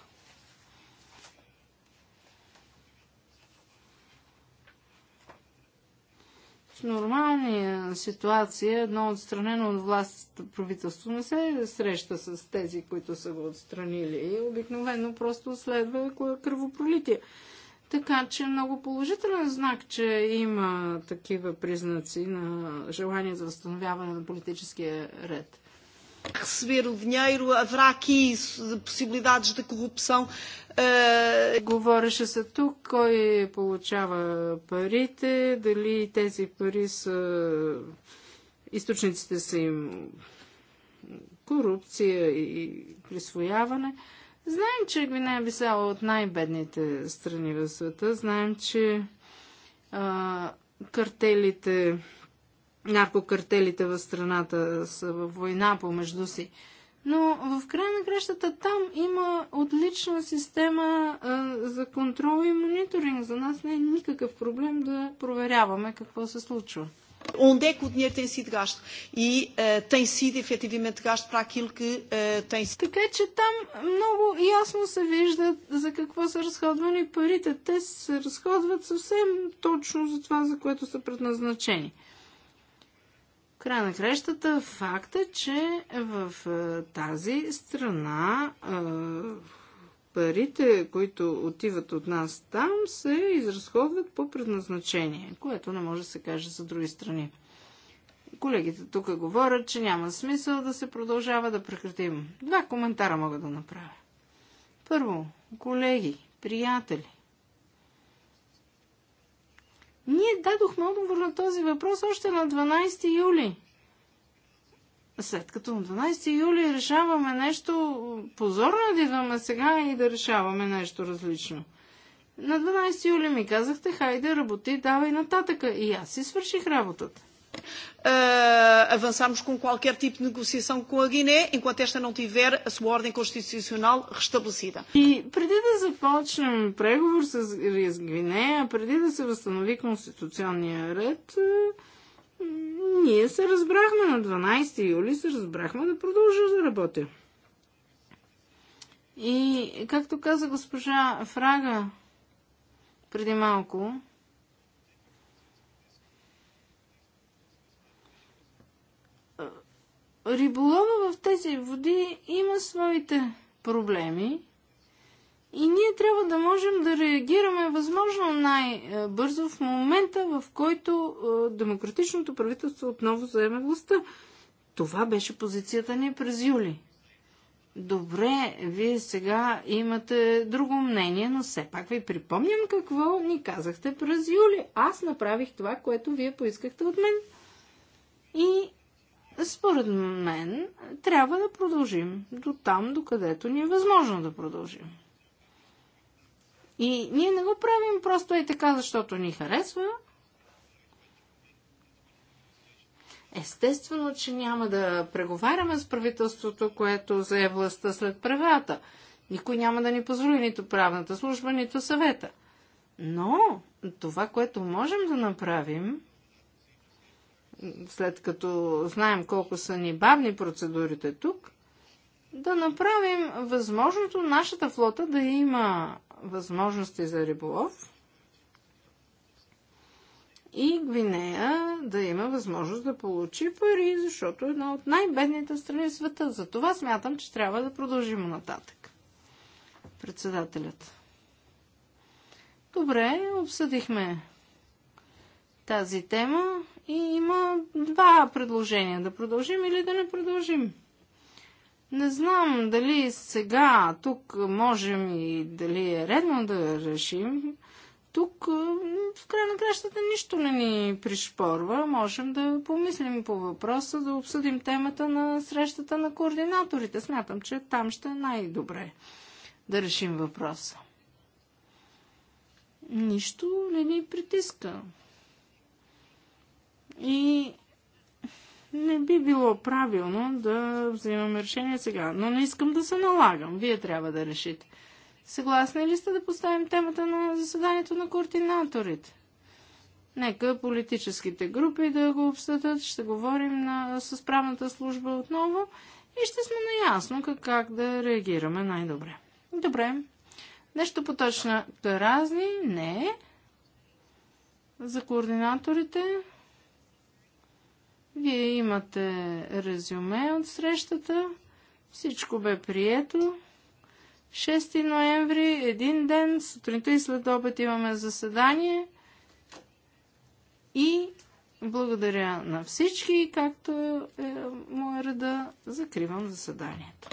В нормалния ситуация едно отстранено от властта правителство не се среща с тези, които са го отстранили. и Обикновено просто следва кръвопролитие. Така че много положителен знак, че има такива признаци на желание за възстановяване на политическия ред receber o dinheiro, haverá aqui possibilidades de corrupção. Eh, Говореше се тук, кой получава парите, дали тези пари са... източниците са им корупция и присвояване. Знаем, че Гвинея Бисала е от най-бедните страни в света. Знаем, че а, картелите наркокартелите в страната са във война помежду си. Но в края на кращата там има отлична система а, за контрол и мониторинг. За нас не е никакъв проблем да проверяваме какво се случва. Onde é que o dinheiro tem sido gasto? E uh, tem sido efetivamente gasto para aquilo que uh, tem sido. Така че там много ясно се вижда за какво са разходвани парите. Те се разходват съвсем точно за това, за което са предназначени край на крещата факт е, че в е, тази страна е, парите, които отиват от нас там, се изразходват по предназначение, което не може да се каже за други страни. Колегите тук говорят, че няма смисъл да се продължава да прекратим. Два коментара мога да направя. Първо, колеги, приятели, ние дадохме отговор на този въпрос още на 12 юли. След като на 12 юли решаваме нещо, позорно е да идваме сега и да решаваме нещо различно. На 12 юли ми казахте, хайде, работи, давай нататъка. И аз си свърших работата. Eh, avançarmos com qualquer tipo de negociação com a Guiné, enquanto esta não tiver a sua ordem constitucional restabelecida. И e преди да започнем преговор с Гвинея, преди да се възстанови конституционния ред, е, ние се разбрахме на 12 юли, се разбрахме да продължа да работя. И, както каза госпожа Фрага преди малко, риболова в тези води има своите проблеми и ние трябва да можем да реагираме възможно най-бързо в момента, в който е, демократичното правителство отново заеме властта. Това беше позицията ни през юли. Добре, вие сега имате друго мнение, но все пак ви припомням какво ни казахте през юли. Аз направих това, което вие поискахте от мен. И според мен трябва да продължим до там, докъдето ни е възможно да продължим. И ние не го правим просто е така, защото ни харесва. Естествено, че няма да преговаряме с правителството, което зае властта след правата. Никой няма да ни позволи нито правната служба, нито съвета. Но това, което можем да направим, след като знаем колко са ни бавни процедурите тук, да направим възможното нашата флота да има възможности за риболов и Гвинея да има възможност да получи пари, защото е една от най-бедните страни в света. За това смятам, че трябва да продължим нататък. Председателят. Добре, обсъдихме тази тема и има два предложения. Да продължим или да не продължим. Не знам дали сега тук можем и дали е редно да решим. Тук в край на кращата нищо не ни пришпорва. Можем да помислим по въпроса, да обсъдим темата на срещата на координаторите. Смятам, че там ще е най-добре да решим въпроса. Нищо не ни притиска. И не би било правилно да взимаме решение сега. Но не искам да се налагам. Вие трябва да решите. Съгласни ли сте да поставим темата на заседанието на координаторите? Нека политическите групи да го обсъдят, ще говорим на, с правната служба отново и ще сме наясно как, как да реагираме най-добре. Добре. Нещо поточна. разни? Не. За координаторите вие имате резюме от срещата. Всичко бе прието. 6 ноември, един ден, сутринта и след обед имаме заседание. И благодаря на всички, както е, моя реда, закривам заседанието.